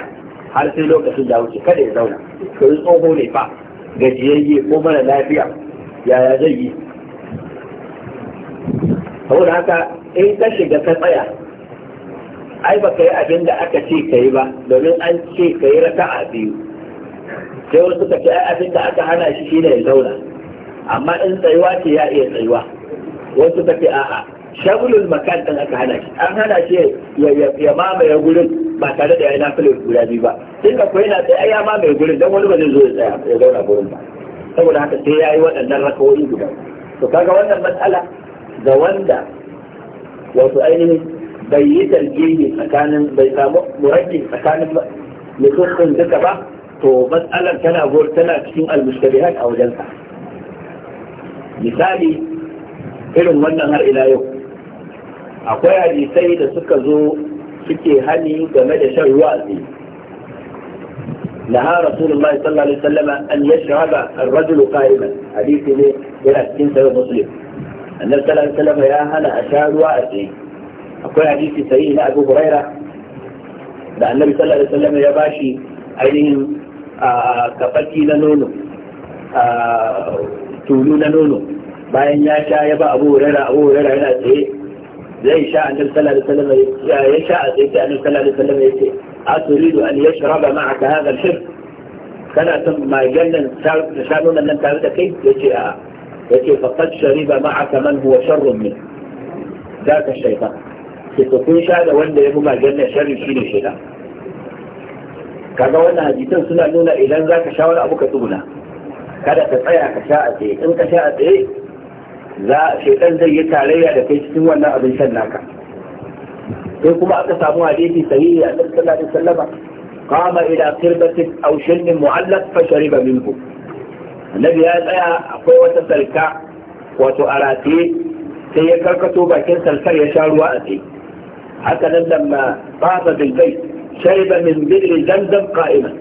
har sai lokacin da wuce kada ya zauna to yi tsoho ne fa gajiyayye ko mara lafiya yaya zai yi saboda haka in ka shiga ka tsaya ai ba ka yi abin da aka ce ka yi ba domin an ce ka yi raka a biyu sai wasu suka ce ai abin da aka hana shi shine ya zauna amma in tsayuwa ce ya iya tsayuwa wasu suka ce a'a shagulul makan dan aka hana shi an hana shi ya mamaye gurin ba tare da ya na filin guda biyu ba tun da kuwa yana tsaye ai ya mamaye gurin dan wani ba zai zo ya tsaya ya zauna gurin ba saboda haka sai ya yi waɗannan rakawoyi guda to kaga wannan matsala ga wanda wato ainihin بيت الجيد مكان بيت مرجم مكان لخص ذكره تو مسألة كان أقول تنا كسوء المشتبهات أو جلسة مثالي فلم من نهر إلى يوم أقوي علي سيدة سكزو سكي هني كمد شر وعزي نهى رسول الله صلى الله عليه وسلم أن يشرب الرجل قائما حديثه بلا جلس كنسة المسلم أن صلى الله عليه وسلم يا هلا أشار وعزي akwai hadisi sahihi na Abu Huraira da Annabi sallallahu alaihi wasallam ya bashi ainihin kafaki na nono tulu na nono bayan ya sha ya ba Abu Huraira Abu Huraira yana tsaye zai sha Annabi sallallahu alaihi wasallam ya sha a tsaye sai Annabi sallallahu alaihi wasallam ya ce a turidu an yashraba ma'aka hadha al-shirb kana son magen nan ta sha nonon nan tare da kai yace a yace faqad shariba ma'aka man huwa sharrun min ذاك الشيطان ke to kun wanda ya fi janna sharri shi ne shida kaga wannan hadisan suna nuna idan za ka sha wani abu ka tsuguna kada ka tsaya ka sha a tsaye in ka sha a tsaye za shaitan zai yi tarayya da kai cikin wannan abin shan naka sai kuma aka samu hadisi sahihi a nan sallallahu alaihi wasallam qama ila qirbatin aw shillin mu'allaq fa shariba minhu annabi ya tsaya akwai wata salka wato a sai ya karkato bakin salkar ya sha ruwa a tsaye haka nan lamma tsafa bil bait shayba min bidri zamzam qa'iman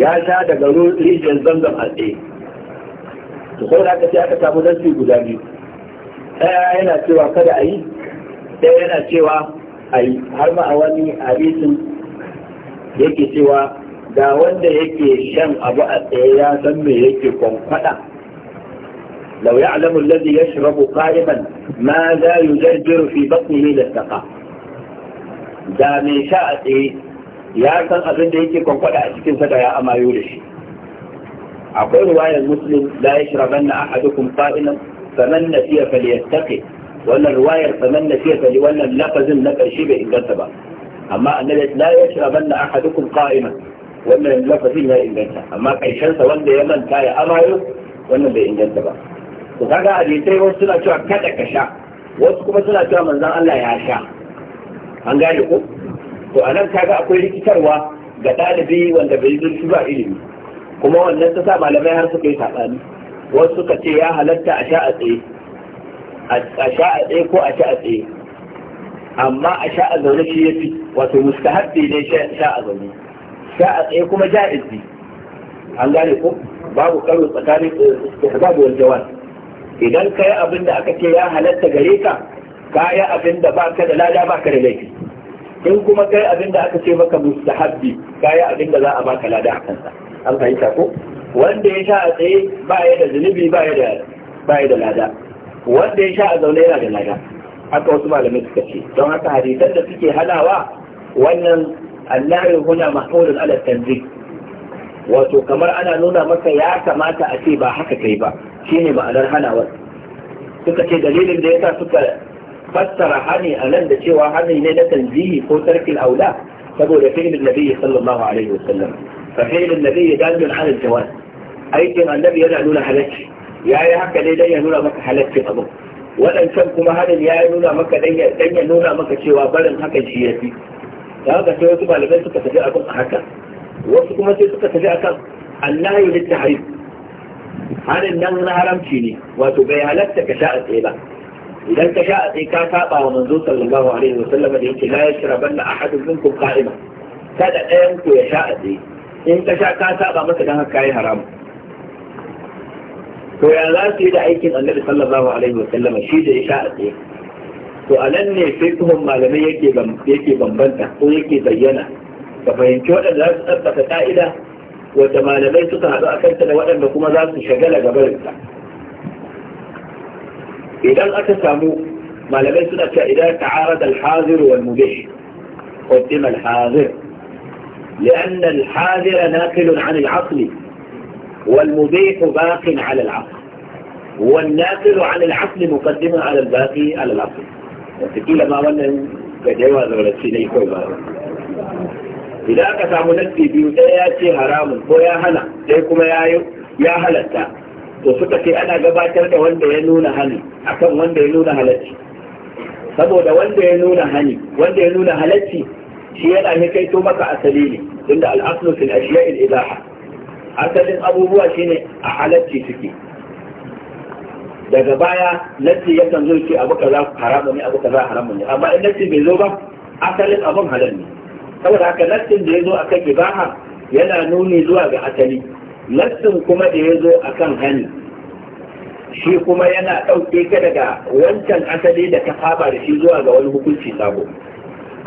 ya sha daga rijiyar zamzam a tsaye to ko da aka ce aka samu nasi guda biyu ɗaya yana cewa kada a yi ɗaya yana cewa a yi har ma a wani hadisin yake cewa da wanda yake shan abu a tsaye ya san me yake kwankwada لو يعلم الذي يشرب قائما ماذا يجدر في بطنه للتقى ده من شاءته يارسل أبن ديكي كون قد أشكين ستايا أما يولش أقول رواية المسلم لا يشربن أحدكم قائما فمن نسي فليتقي وأن الرواية فمن نسي فليولا لقز نفشي به انكسبا أما أن لا يشربن أحدكم قائما وأن لقز نفشي به انكسبا أما قيشان سواند يمن كايا أما يولش وأن لقز نفشي به انكسبا to kaga hadisai wasu suna cewa kada ka sha wasu kuma suna cewa manzon Allah ya sha an gane ko to anan kaga akwai rikitarwa ga ɗalibi wanda bai zurfi ba ilimi kuma wannan ta sa malamai har suka yi saɓani wasu suka ce ya halatta a sha a tsaye a sha a tsaye ko a sha a tsaye amma a sha a zaune shi ya fi wato mustahabbi ne sha a zaune sha a tsaye kuma ja'izi an gane ko babu karo tsakanin istihbab eh, wal jawaz idan ka yi abin da aka ce ya halatta gare ka ka yi abin da ba ka da lada ba ka da laifi in kuma kai abin da aka ce maka mustahabbi ka yi abin da za a baka lada a kansa an fahimta ko wanda ya sha a tsaye ba ya da zunubi ba ya da ba ya da lada wanda ya sha a zaune yana da lada haka wasu malamai suka ce don haka hadisan da suke halawa wannan annarin huna mahmudun ala tanzih wato kamar ana nuna maka ya kamata a ce ba haka kai ba shine ma'anar hanawar suka ce dalilin da yasa suka fassara hani a nan da cewa hani ne na tanzihi ko tarkin aula saboda fi'ilin nabi sallallahu alaihi wasallam fa fi'ilin nabi dalilun ala jawaz aikin annabi yana nuna halacci yayi haka dai dan ya nuna maka halaccin abu waɗancan kuma hanin ya nuna maka dan ya nuna maka cewa barin hakan shi yafi da haka sai wasu malamai suka tafi abin a haka wasu kuma sai suka tafi akan annahi littahrim hanin nan na haramci ne wato bai halatta ka sha a tsaye ba idan ka sha a tsaye ka saba wa manzo sallallahu alaihi wa sallam da yake la yashrabanna ahadun minkum qa'ima kada ɗayan ku ya sha a tsaye in ka sha ka saba masa dan haka yayi haramu to ya za su yi da aikin annabi sallallahu alaihi wa sallam shi da ya sha a tsaye to anan ne fiqhun malamai yake yake bambanta ko yake bayyana ka fahimci waɗanda za su tsabbata ka'ida wadda malamai suka haɗu a kanta da waɗanda kuma za su shagala gabarinta idan aka samu malamai suna cewa idan ta'arada al-hazir wal mubih qaddima al-hazir لأن الحاذر ناقل عن العقل والمبيح باق على العقل والناقل عن العقل مقدم على الباقي على العقل وتقيل ما ولن قد يوازر لتشيني كوي idan aka samu nassi biyu ɗaya ya ce haramun ko ya hana ɗaya kuma ya halatta to suka ce ana gabatar da wanda ya nuna hani akan wanda ya nuna halacci saboda wanda ya nuna hani wanda ya nuna halacci shi yana ne kai to maka asali ne tunda al'aslu fil ashiya'il ibaha asalin abubuwa shine a halacci suke daga baya nassi yakan zo ce abu kaza haramun ne abu kaza haramun ne amma in nassi bai zo ba asalin abun halal ne saboda haka nassin da ya zo kan ibaha yana nuni zuwa ga asali nassin kuma da ya zo akan hani shi kuma yana ɗauke ka daga wancan asali da ka saba da shi zuwa ga wani hukunci sabo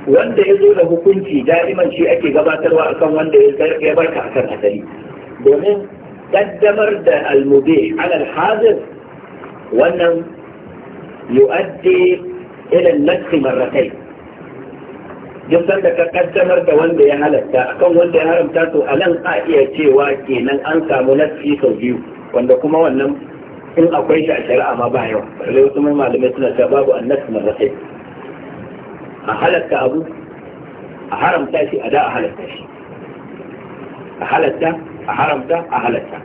wanda ya zo da hukunci da'iman shi ake gabatarwa akan wanda ya barka akan asali domin ƙaddamar da almube alal hazir wannan yu'addi ila nassi marratai duk sanda ka kaddamar da wanda ya halatta akan wanda ya haramta to a nan a iya cewa kenan an samu nasi sau biyu wanda kuma wannan in akwai shi a shari'a ma ba yawa balle wasu malamai suna cewa babu annas marratai a halatta abu a haramta shi a da a halatta shi a halatta a haramta a halatta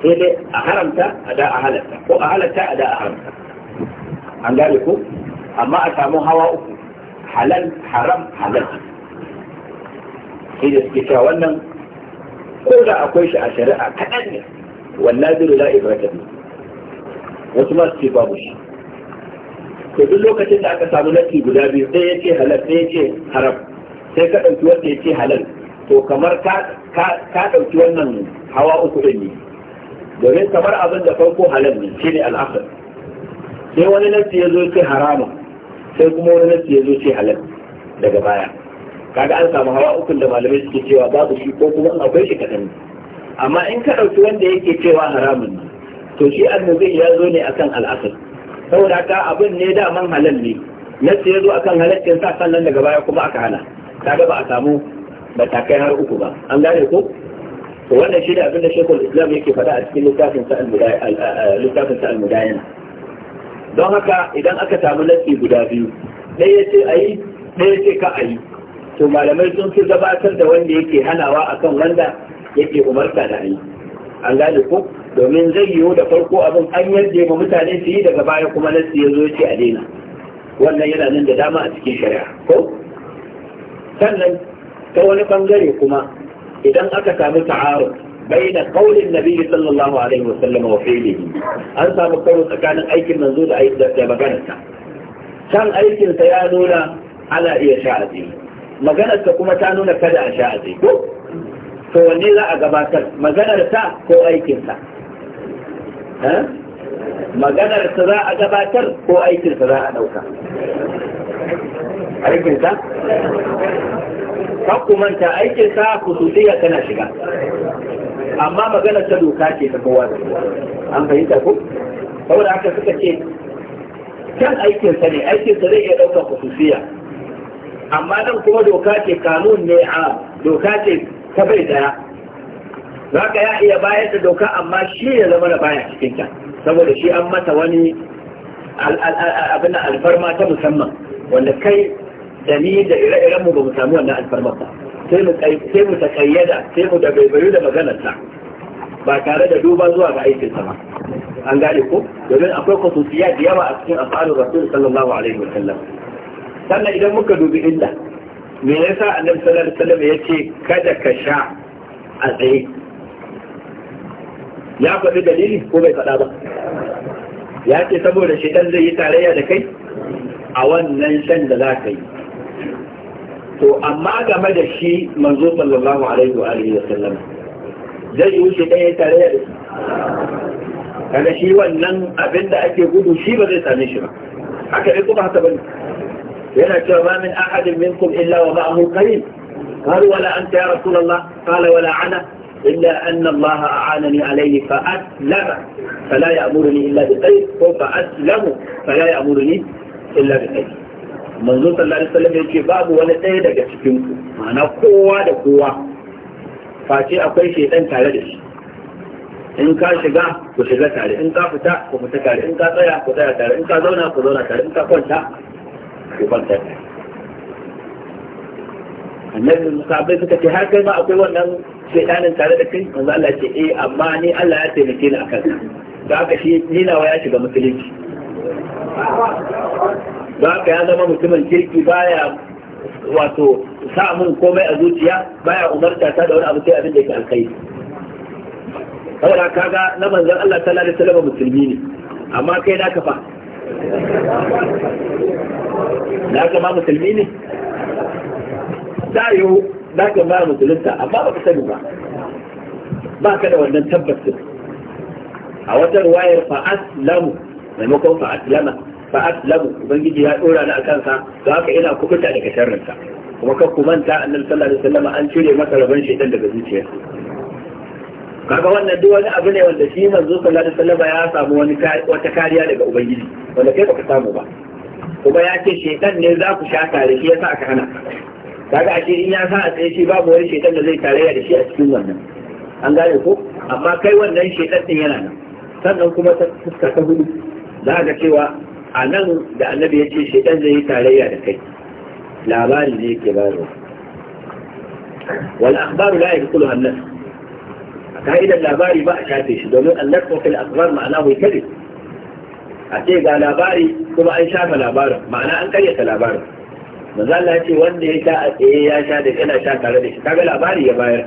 sai dai a haramta a da a halatta ko a halatta a da a haramta an gane ko amma a samu hawa uku halal haram halal sai da suke cewa wannan ko da akwai shi a shari'a kaɗan ne wallaziru la ibrata bi wasu ma suke babu shi to duk lokacin da aka samu nasi guda biyu sai ya ce halal sai ya ce haram sai ka ɗauki wanda ya ce halal to kamar ka ɗauki wannan hawa uku ɗin ne domin kamar abin da farko halal ne shi ne al'asar sai wani nasi ya zo ce haramun sai kuma wani nasi ya zo halal daga baya kaga an samu hawa ukun da malamai suke cewa babu shi ko kuma in akwai shi kadan amma in ka ɗauki wanda yake cewa haramun ne to shi annabi ya zo ne akan al'asar saboda ka abin ne daman halal ne nasi ya zo akan halaccin sa sannan daga baya kuma aka hana kaga ba a samu matakai har uku ba an gane ko to wannan shi da abin da shekul islam yake faɗa a cikin littafin sa al don haka idan aka samu nasi guda biyu ɗaya ya ce a yi ɗaya ya ce ka a yi to malamai sun fi gabatar da wanda yake hanawa akan wanda yake umarta da a yi an gane ko domin zai yiwu da farko abin an yarda ma mutane su yi daga baya kuma nasi ya zo ce a daina wannan yana nan da dama a cikin shari'a ko sannan ta wani bangare kuma idan aka samu ta'arun. baina qaulin nabi sallallahu alaihi wa sallam wa fi'lihi an samu karo tsakanin aikin manzo da maganarsa san aikin ya nuna ana iya sha azumi kuma ta nuna kada a ko to wanne za a gabatar maganar ta ko za a gabatar ko aikin za a ɗauka? aikin sa ka manta aikin sa kususiya tana shiga amma magana ta doka ce ta kowa da an fahimta ko saboda haka suka ce kan aikinsa ne aikinsa zai iya daukar kususiya amma nan kuma doka ce kanun ne a doka ce ta bai daya za ka ya iya bayar da doka amma shi ya zama da baya cikin ta saboda shi an mata wani abin alfarma ta musamman wanda kai da ni da ire-irenmu ba mu sami wannan alfarmar ba sai mu sai mu takayyada sai mu da baibayu da maganarsa ba tare da duba zuwa ga aikin sa ba an gane ko domin akwai kususiya da yawa a cikin afalin rasul sallallahu alaihi wa sallam sannan idan muka dubi illa me yasa annabi sallallahu alaihi wa sallam yace kada ka sha a tsaye ya faɗi dalili ko bai faɗa ba ya ce saboda shaitan zai yi tarayya da kai a wannan shan da za ka yi to amma game da shi manzo sallallahu alaihi wa alihi wa sallam zai yi shi ɗaya tare da shi shi wannan abin da ake gudu shi ba zai same shi ba haka dai kuma haka bane yana cewa ma min ahadin minkum illa wa ma'ahu wala qarin قال ولا أنت يا رسول الله قال ولا أنا إلا أن الله أعانني عليه فأسلم فلا يأمرني fa بخير fala ya'muruni illa bi khair manzo sallallahu alaihi wasallam yake babu wani ɗaya daga cikin ku ma'ana kowa da kowa face akwai shedan tare da shi in ka shiga ku shiga tare in ka fita ku fita tare in ka tsaya ku tsaya tare in ka zauna ku zauna tare in ka kwanta ku kwanta tare annabi musabai suka ce har kai ma akwai wannan shedanin tare da kai manzo Allah ce eh amma ni Allah ya taimake ni akan ka haka shi ni nawa ya shiga musulunci ba haka ya zama mutumin kirki baya wato sa mun komai a zuciya baya umarta ta da wani abu sai abin da yake alkai saboda kaga na manzon Allah sallallahu alaihi wasallam musulmi ne amma kai na kafa na kama musulmi ne da yiwu na kama musulunta amma ba ka sani ba ba ka da wannan tabbacin a wata ruwayar fa'aslamu maimakon fa'aslama fa aslamu ubangiji ya dora ni akan sa to haka ina kubuta daga sharrin sa kuma ka ku manta annabi sallallahu alaihi wasallam an cire masa rabon shaytan daga zuciyarsa kaga wannan duk wani abu ne wanda shi manzo sallallahu alaihi wasallam ya samu wani wata kariya daga ubangiji wanda kai baka samu ba kuma ya ce shaytan ne za ku sha tare shi yasa aka hana kaga ashe in ya sa a tsaye shi babu wani shaytan da zai tarayya da shi a cikin wannan an gane ko amma kai wannan shaytan din yana nan sannan kuma ta fuska ta hudu za ga cewa anan da annabi ya ce shaidan zai yi tarayya da kai labari ne yake bayarwa wal akhbaru la yadkhulu an nas ka'idan labari ba a shafe shi domin an nas fil akhbar ma'ana hu kadhib a ce ga labari kuma an shafa labarin ma'ana an karyata labarin manzo Allah ya ce wanda ya sha a tsaye ya sha da yana sha tare da shi kaga labari ya bayar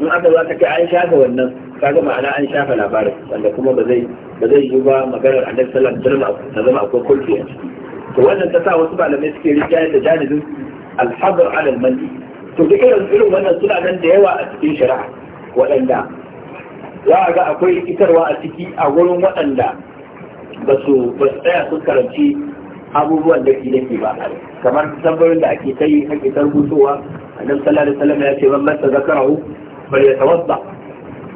in aka zo aka ce an shafe wannan kaga ma'ana an shafe labarin wanda kuma ba zai ba zai yi ba maganar annabi sallallahu alaihi wasallam ta zama akwai kulfi a ciki to wannan ta sa wasu malamai suke rijiya da janibin alhadar ala almandi to duk irin irin wannan suna nan da yawa a cikin shari'a waɗanda za a ga akwai ikarwa a ciki a wurin waɗanda ba su ba su tsaya sun karanci abubuwan da ke dake ba kamar tambayoyin da ake ta yi ake tarbutowa annabi sallallahu alaihi wasallam ya ce man masa zakarahu bai ya tawadda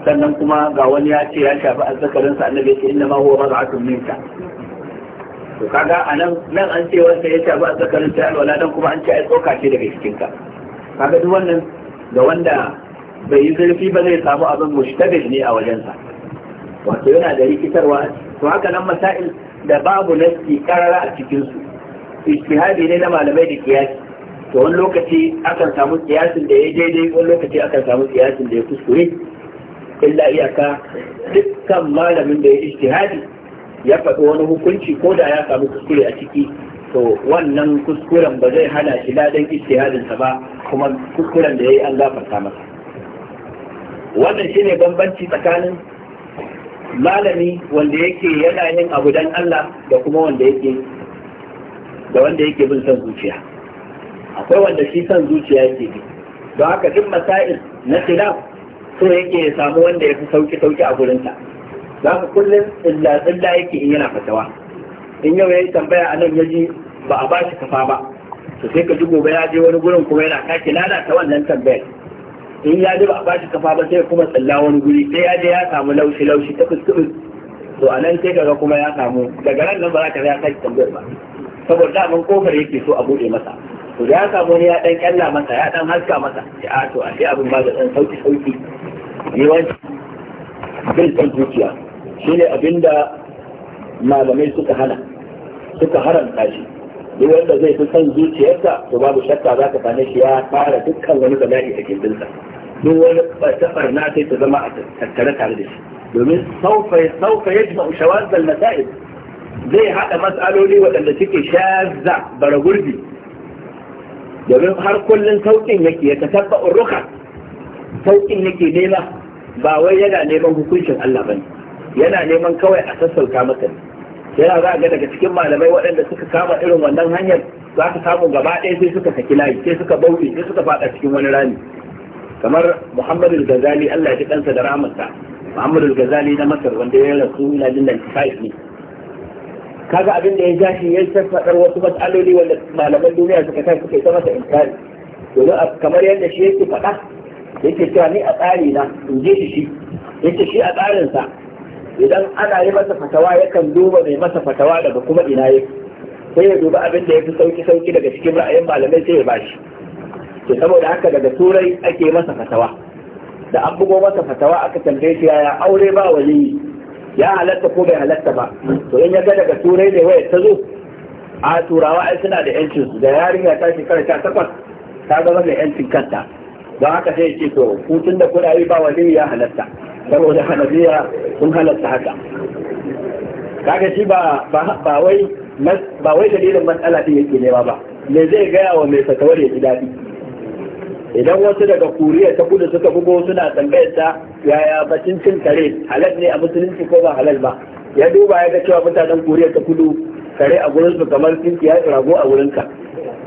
sannan kuma ga wani ya ce ya shafi azzakarinsa, sa ya ce inna ma huwa maz'atun minka to kaga anan nan an ce wanda ya shafi azzakarinsa, ya alwala dan kuma an ce ai tsoka ce daga cikin ka kaga duk wannan ga wanda bai yi zurfi ba zai samu abin mushtabil ne a wajensa wato yana da rikitarwa to haka nan masail da babu nasi karara a cikinsu ijtihadi ne na malamai da kiyasi to wani lokaci akan samu siyasin da ya daidai wani lokaci akan samu siyasin da ya kuskure illa iyaka dukkan malamin da ya ijtihadi ya faɗi wani hukunci ko da ya samu kuskure a ciki to wannan kuskuren ba zai hana shi ladan ijtihadinsa ba kuma kuskuren da ya yi an gafarta masa wannan shine bambanci tsakanin malami wanda yake yana yin abu don Allah da kuma wanda yake da wanda yake bin son zuciya akwai wanda shi san zuciya yake bi don haka duk masail na khilaf so yake ya samu wanda ya fi sauki sauki a gurinta za ka kullum tsilla tsilla yake in yana fatawa in yau ya yi tambaya a nan ya ji ba a bashi kafa ba to sai ka ji gobe ya je wani gurin kuma yana kake lalata wannan tambayar in ya ji ba a bashi kafa ba sai kuma tsalla wani guri sai ya je ya samu laushi laushi ta kuskure to a nan sai kaga kuma ya samu daga nan nan ba za ka ya sake tambayar ba saboda daman kofar yake so a buɗe masa to da haka wani ya dan kyalla masa ya dan haska masa ya a to ashe abin ba da dan sauki sauki yawanci bin kan zuciya shine abinda malamai suka hana suka haramta shi duk wanda zai fi son zuciyarsa to babu shakka za ka same shi ya fara dukkan wani bala'i a gindinsa duk wani tafar na sai ta zama a tattare tare da shi domin saufa saufa yajma'u shawazal masa'ib zai hada mas'aloli waɗanda suke shazza bara gurbi domin har kullun sauƙin yake ya tasabba urruka sauƙin yake nema ba wai yana neman hukuncin Allah bane yana neman kawai a sassauta masa yana za a ga daga cikin malamai waɗanda suka kama irin wannan hanyar za su samu gaba ɗaya sai suka saki layi sai suka bauɗe sai suka faɗa cikin wani rami kamar Muhammadu Ghazali Allah ya ji ɗansa da rahmarsa Muhammadu Ghazali na Masar wanda ya rasu ina jin 95 ne kaga abin da ya ja shi ya faɗar wasu matsaloli wanda malaman duniya suka kai suka ta masa inkari domin kamar yadda shi yake faɗa yake cewa ni a tsari na in je shi shi yake shi a tsarinsa idan ana yi masa fatawa yakan duba mai masa fatawa daga kuma ina yake sai ya duba abin da ya fi sauki sauki daga cikin ra'ayin malamai sai ya bashi to saboda haka daga turai ake masa fatawa da an bugo masa fatawa aka tambaye shi yaya aure ba waliyi ya halatta ko bai halatta ba to in ya ga daga turai da waya tazo. zo a turawa ai suna da yancin su da yarinya ta shekara ta takwas ta zama mai yancin kanta don haka sai ya ce to hutun da kuɗaɗe ba wani ya halatta saboda hanafiya sun halatta haka kaga shi ba ba wai ba wai dalilin matsala din yake nema ba me zai gaya wa mai fatawar ya ji daɗi idan wasu daga kuriya ta kudu suka bugo suna tambayar ta yaya bacin cin kare halal ne a musulunci ko ba halal ba ya duba ya ga cewa mutanen kuriya ta kudu kare a gurin su kamar cin ya rago a wurin ka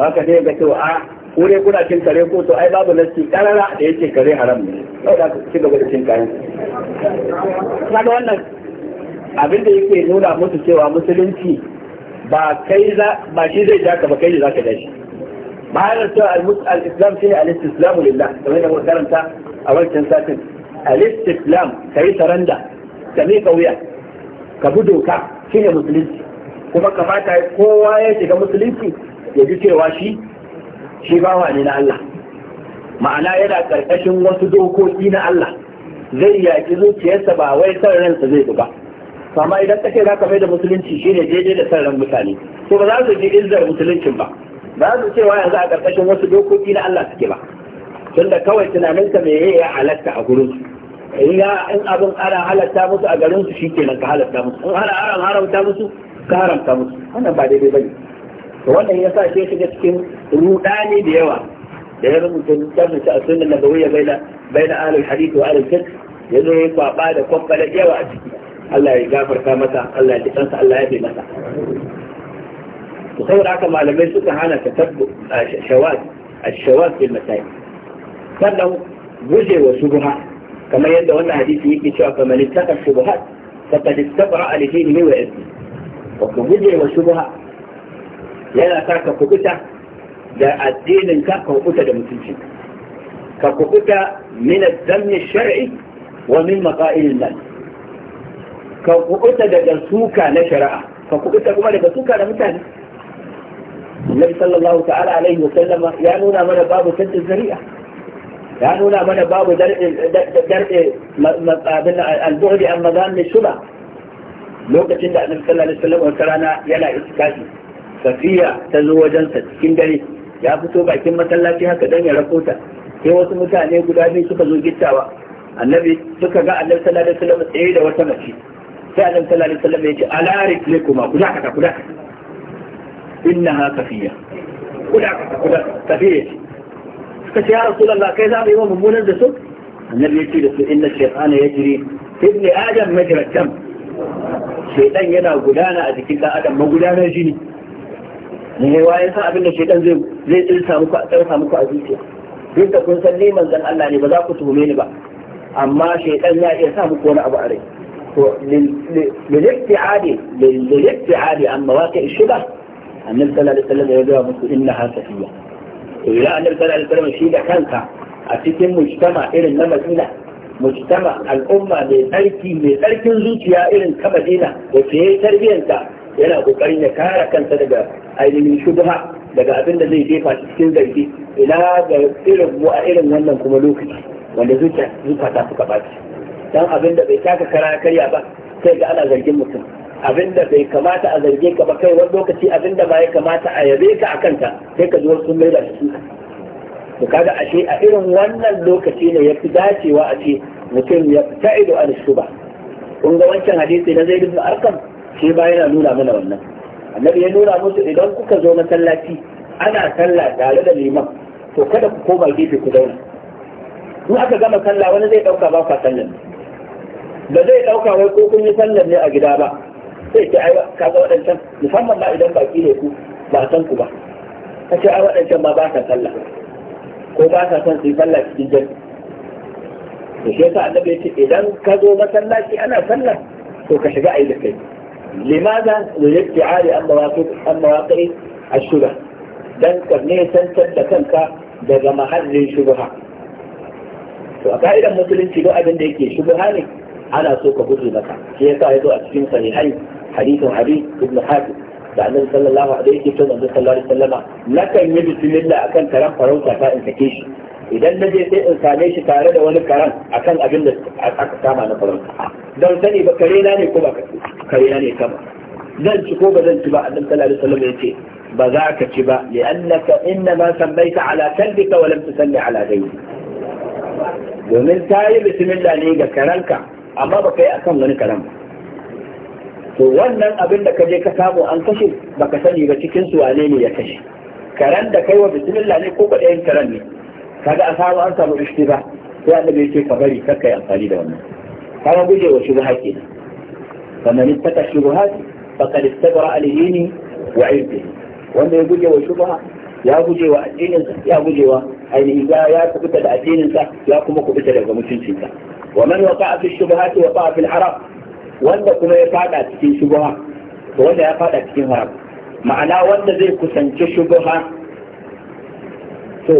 haka ne ga cewa a ah, kure kuna cin kare ko to ai babu nasi karara da yake kare haram ne sai da ci gaba da cin kare kaga wannan abin da yake nuna musu cewa musulunci ba kai za ba shi zai ja ka ba kai ne za ka dashi ma'anar cewa al-islam shi ne al islamu lillah kamar da muka karanta a wancan satin al islam kai taranda. saranda ka miƙa wuya ka bi doka shi ne musulunci kuma ka fata kowa ya shiga musulunci ya ji cewa shi shi ba ne na Allah ma'ana yana karkashin wasu dokoki na Allah zai yaki zuciyarsa ba wai san ransa zai ba amma idan kake za ka mai da musulunci shine daidai da san ran mutane to ba za su ji izzar musuluncin ba ba su cewa yanzu a ƙarƙashin wasu dokoki na Allah suke ba tunda kawai tunaninka me ya halatta a gurin su in ya in abin ana halatta musu a garin su shikenan ka halatta musu in ana haram haramta musu ka haramta musu wannan ba daidai bane to wannan yasa shi shiga cikin rudani da yawa da ya rubuta littafin shi a sunan nabawiyya baina baina ahlul hadith wa ahlul fiqh yazo ya kwaba da kwakkala yawa a ciki Allah ya gafarta masa Allah ya ji kansa Allah ya bi masa to عكا haka malamai suka hana tatabbu الشواذ في المسائل فانه جزء وشبهة كما يدعو أن حديث يكي شوى فمن اتقى الشبهات فقد استبرأ لدينه وإبنه وكوجه وشبهة لأن تاكا كوكتا دا الدين كاكا كوكتا دا مسلسل كوكتا من الذم الشرعي ومن مقائل المال كوكتا دا سوكا نشرع كوكتا كما دا سوكا نمتاني annabi sallallahu ta'ala alaihi wa sallama ya nuna mana babu darɗe matsabin al-buhdi amma zan ne shuba lokacin da annabi sallallahu alaihi wasallam wata yana iskashi safiya ta zo wajensa cikin dare ya fito bakin masallaci haka dan ya rakota sai wasu mutane guda biyu suka zo gittawa annabi suka ga annabi sallallahu alaihi wasallam tsaye da wata mace sai annabi sallallahu alaihi wasallam ya ce إنها كفية ولا كفية فتي يا رسول الله كيف هذا يوم المنزس النبي يقول إن الشيطان يجري ابن آدم مجرى الدم الشيطان ينا قلانا أذكي الله أدم وقلانا يجري من يعني هواية صعب إن الشيطان زي, زي تلسى مكوى مكو أزيسيا بنت كن سليما ذن ألا أني يعني بذاكو تهمين بقى أما شيطان يا إيسا مكوى نعب عليه للابتعاد للابتعاد عن مواقع الشبه annabi sallallahu alaihi wasallam ya gaya musu inna hasafiya to ila annabi sallallahu alaihi wasallam shi da kanka a cikin mujtama irin na Madina mujtama al'umma mai tsarki mai tsarkin zuciya irin ta Madina wacce yayi tarbiyyanta yana kokarin ya kare kansa daga ainihin shubha daga abin da zai jefa cikin zargi ila ga irin mu a irin wannan kuma lokaci wanda zuciya zuciya ta suka baci dan abin da bai taka kara karya ba sai ga ana zargin mutum abin da bai kamata a zarge ka ba kai wani lokaci abin da ba ya kamata a yabe ka a kanta sai ka zo sun mai da shi to kaga ashe a irin wannan lokaci ne yafi dacewa a ce mutum ya fita ido an shuba kun ga wancan hadisi na zaid ibn arqam shi ba yana nuna mana wannan annabi ya nuna musu idan kuka zo masallaci ana sallah tare da liman to kada ku koma gefe ku zauna in aka gama sallah wani zai dauka ba ku sallan ba zai ɗauka wai ko kun yi sallar ne a gida ba sai ce ai ka ga waɗancan musamman ma idan baki ne ku ba san ku ba ka ce ai waɗancan ma ba ka sallah ko ba ka san su yi sallah cikin jami'i to shi yasa annabi ya ce idan ka zo masallaci ana sallah to ka shiga ayi da kai limaza da yake ari an mawaƙi an mawaƙi a shuga dan ka ne santar da kanka daga mahallin shubha to a ka'idan musulunci duk abin da yake shubha ne ana so ka gudu maka shi yasa ya zo a cikin sahihai hadithun abi ibn hafiz da annabi sallallahu alaihi wa sallam da sallallahu alaihi wasallama nakan yi bismillah akan karan farauta ta in sake shi idan na je sai in same shi tare da wani karan akan abin da aka kama na farauta Dan sani ba kare na ne ko ba kare na ne kama zan ci ko ba zan ci ba annabi sallallahu alaihi wasallam ya ce ba za ka ci ba li'annaka innama sammaita ala kalbika wa lam tusalli ala ghayri domin ta yi bismillah ne ga karanka amma baka yi akan wani karam ba to wannan abin da ka je ka samu an kashe baka sani ba cikin su wane ne ya kashe karan da kai wa bismillah ne ko kwaɗayin karan ne kaga a samu an samu ishtiba sai annabi yake ka bari kar kai amfani da wannan kaga guje wa shubha kenan faman ittaka shubuhat faqad istabra al-dini wa irdihi wanda ya guje wa shubha ya gujewa addininsa ya gujewa ainihi ya kubuta da addininsa ya kuma kubuta daga mutuncinsa wa man waqa'a fi shubahati waqa'a fil haram wanda kuma ya fada cikin shubha to wanda ya fada cikin haram ma'ana wanda zai kusanci shubha to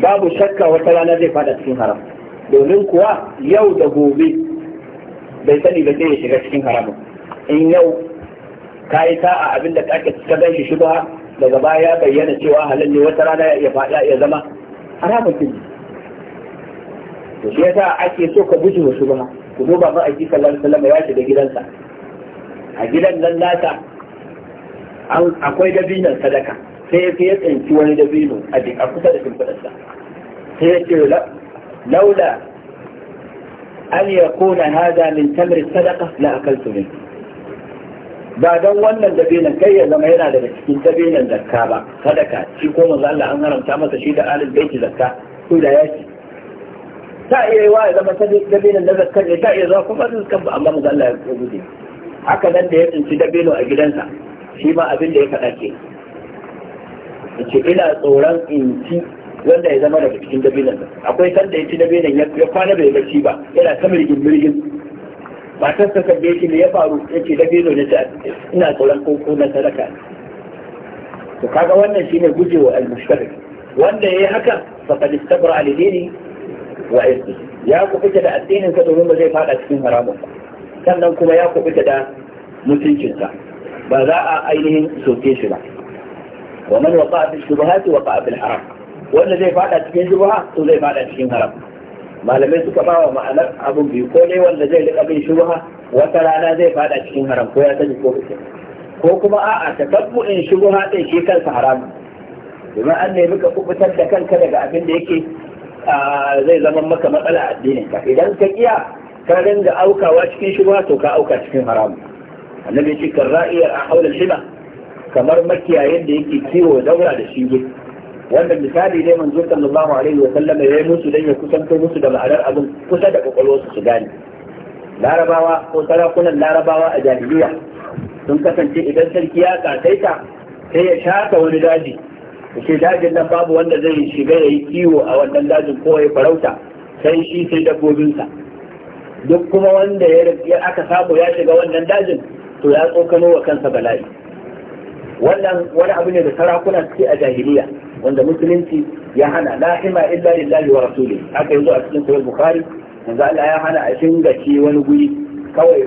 babu shakka wata rana zai fada cikin haram domin kuwa yau da gobe bai sani ba zai shiga cikin haramun in yau ka yi sa'a abin da kake ka gan shi shubha daga baya ya bayyana cewa halal ne wata rana ya faɗa ya zama haramun kiji to shi yasa ake so ka guje wa shubha ku duba ma aiki sallallahu alaihi wasallam ya shiga gidansa a gidan nan nasa akwai dabinan sadaka sai sai ya tsinci wani dabino a kusa da shimfiɗarsa sai ya ce laula أن يكون هذا من تمر الصدقة لأكلت منه ba don wannan dabinan kai ya zama yana daga cikin dabinan zakka ba kada ka ci ko manzo Allah an haramta masa shi da alil baiti zakka ko da ya ci ta iya wa ya zama dabinan na zakka ne ta iya zama kuma zakka ba amma manzo Allah ya gode haka nan da ya tsinci dabino a gidansa shi ma abin da ya faɗa ke ce ina tsoron in ci wanda ya zama daga cikin dabinan akwai sanda ya ci dabinan ya kwana bai bacci ba yana ta mirgin mirgin matar ta kalle shi ne ya faru ya ce da bino ne ta ina tsoron koko na sadaka to kaga wannan shine gujewa al-mushrik wanda yayi haka faqad istabra al-dini wa irdi ya kubuta da addinin sa domin ba zai fada cikin haramun sannan kuma ya kubuta da mutuncinsa ba za a ainihin soke shi ba wa man waqa fi shubuhati waqa fil haram wanda zai fada cikin shubuha to zai fada cikin haram malamai suka ba wa ma'anar abin biyu ko ne wanda zai riƙa bin shubha wata rana zai fada cikin haram ko ya sani ko bai ko kuma a'a takabbu'in shubha din shi kansa haram domin an nemi ka kubutar da kanka daga abin da yake zai zama maka matsala a addinin ka idan ka iya ka ringa aukawa cikin shubha to ka auka cikin haram annabi ce kan ra'iyar a haula shima kamar makiyayin da yake kiwo daura da shige wanda misali ne manzo sallallahu alaihi wa sallam ya yi musu dan ya kusanto musu da ma'anar abin kusa da kwakwalwarsu su gane larabawa ko sarakunan larabawa a jahiliya sun kasance idan sarki ya kataita sai ya shata wani daji ce dajin nan babu wanda zai shiga ya yi kiwo a wannan dajin ko ya farauta sai shi sai dabbobinsa duk kuma wanda ya aka samu ya shiga wannan dajin to ya tsokano wa kansa bala'i wannan wani abu ne da sarakuna suke a jahiliya wanda musulunci ya hana la hima illa lillahi wa rasuli haka yanzu a cikin sahih bukhari yanzu Allah ya hana a shingace wani guri kawai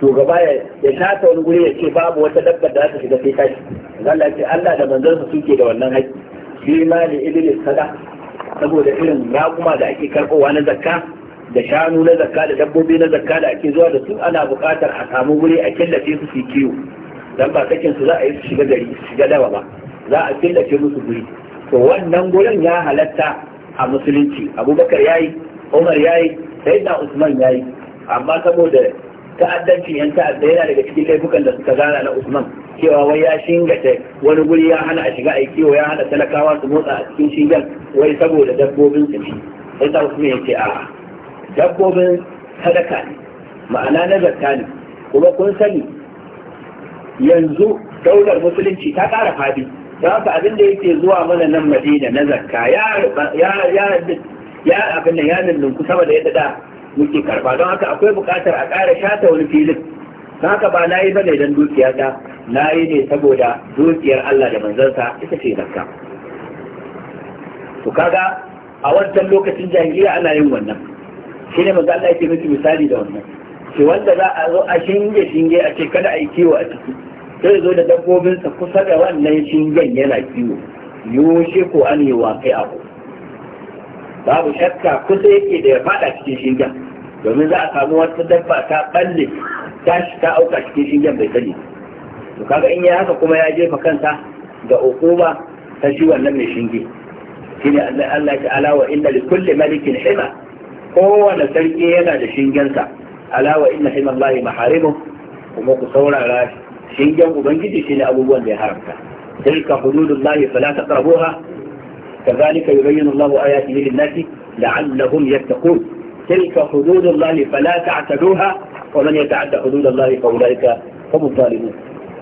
shugaba ya shata wani guri ya ce babu wata dabbar da za ta shiga sai kai yanzu Allah ce Allah da manzansa suke da wannan haƙƙi shi ma li iblis sada saboda irin raƙuma da ake karɓowa na zakka da shanu na zakka da dabbobi na zakka da ake zuwa da su ana buƙatar a samu guri a killace su su kiwo dan ba sakin su za a yi su shiga gari shiga dawa ba za a killace musu guri to wannan gurin ya halatta a musulunci abubakar yayi umar yayi da usman yayi amma saboda ta'addancin yan ta'adda yana daga cikin laifukan da suka gana na usman cewa wai ya shingata wani guri ya hana a shiga aiki wa ya hana talakawa su motsa a cikin shingen wai saboda dabbobin su ne sai da usman yace a dabbobin sadaka ne ma'ana na zakka ne kuma kun sani yanzu daular musulunci ta ƙara fadi za haka abin da yake zuwa mana nan madina na zakka ya abin da ya lullunku sama da yadda da muke karba don haka akwai buƙatar a ƙara shata wani filin don haka ba nayi bane don dukiya ta yi ne saboda dukiyar Allah da manzansa ita ce zakka to kaga a wancan lokacin jahiliya ana yin wannan shine manzo Allah yake miki misali da wannan ki wanda za a zo a shinge shinge a ce kada a yi kiwo a ciki sai zo da dabbobinsa kusa da wannan shingen yana kiwo yoshe ko an yi wa kai abu babu shakka kusa yake da ya fada cikin shingen domin za a samu wata dabba ta balle ta shi auka cikin shingen bai sani to kaga in ya haka kuma ya jefa kansa ga ukuba ta shi wannan mai shinge shine Allah ta'ala wa inna likulli malikin hima kowane sarki yana da shingensa ألا وإن حلم الله محارمه وما صورة على شيء وبنجد شيء ابو أن يحرمك تلك حدود الله فلا تقربوها كذلك يبين الله آياته للناس لعلهم يتقون تلك حدود الله فلا تعتدوها ومن يتعدى حدود الله فأولئك هم الظالمون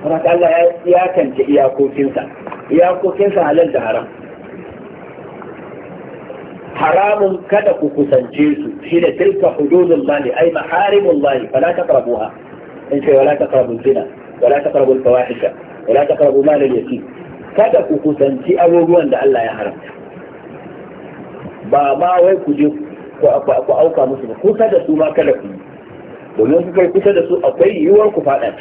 فما تعالى يا كنت يا كنت يا كنت يا كنت يا كنت haramun kada ku kusance su shi da tilka hududun lahi ai maharimun lahi fala taqrabuha in ce wala taqrabu zina wala taqrabu fawahisha wala taqrabu mal yatim kada ku kusanci abubuwan da Allah ya haramta ba ma wai ku je ku auka musu ba kusa da su ma kada ku yi domin kuka yi kusa da su akwai yiwuwar ku faɗa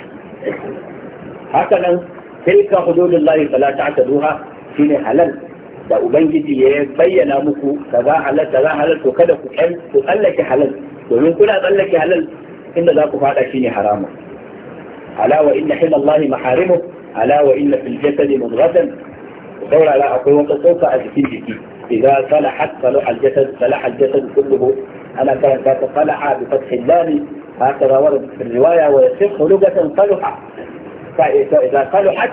haka nan tilka hududun lahi fala duha shine halal da ubangiji ya bayyana muku kaza halal kaza halal to kada ku kan ku tsallake halal domin kuna tsallake halal inda za ku fada shine haramun ala wa inna hilallahi maharimu ala wa inna fil jasadi mudghatan dawla la akwai wata tsoka a cikin jiki idza salahat salaha al jasad salaha al jasad kulluhu ana karanta ta salaha bi fathi lam hakaza warad fi riwaya wa yasihhu lugatan salaha fa idza salahat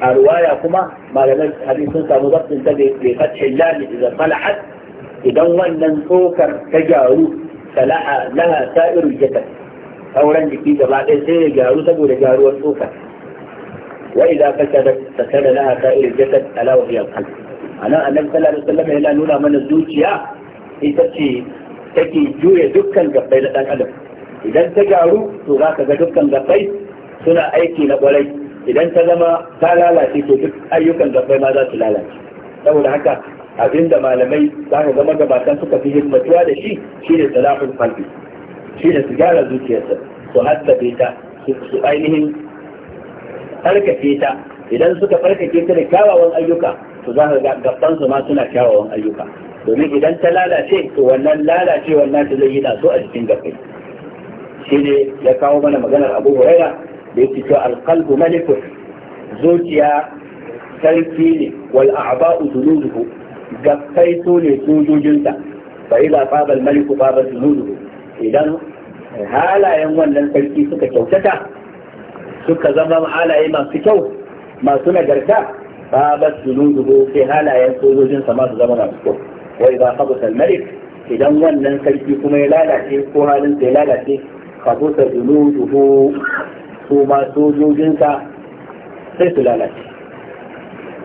a ruwaya kuma malamai hadisi sun samu zafin ta bai fathin lami idan fala'at idan wannan tsokar ta gyaru sala'a laha sa'iru jata sauran jiki gaba ɗaya sai ya gyaru saboda gyaruwar tsokar wa idan fasadat fasada laha sa'iru jata ala wa hiya qalb anan annabi sallallahu alaihi wasallam yana nuna mana zuciya ita ce take juya dukkan gabbai na ɗan adam idan ta gyaru to za ka ga dukkan gabbai suna aiki na ƙwarai. idan ta zama ta lalace to duk ayyukan gabbai ma za su lalace saboda haka abinda malamai za ka zama gabata suka fi himmatuwa da shi shine salahul qalbi shine su gyara zuciyarsa su haddace ta su ainihin farkace ta idan suka farkace ta da kyawawan ayyuka to za ka ga su ma suna kyawawan ayyuka domin idan ta lalace to wannan lalacewar nasu zai yi so a cikin Shi ne ya kawo mana maganar Abu Hurairah da yake cewa alqalbu malikun zuciya sarki ne wal a'ba'u dunuduhu gaffai so ne sojojinsa fa idza qaba al maliku qaba dunuduhu idan halayen wannan sarki suka kyautata suka zama halaye masu kyau masu nagarta qaba dunuduhu sai halayen sojojinsa masu zama masu kyau wa idza qabata al malik idan wannan sarki kuma ya lalace ko halin sai lalace qabuta dunuduhu su ma sojojinsa sai su lalace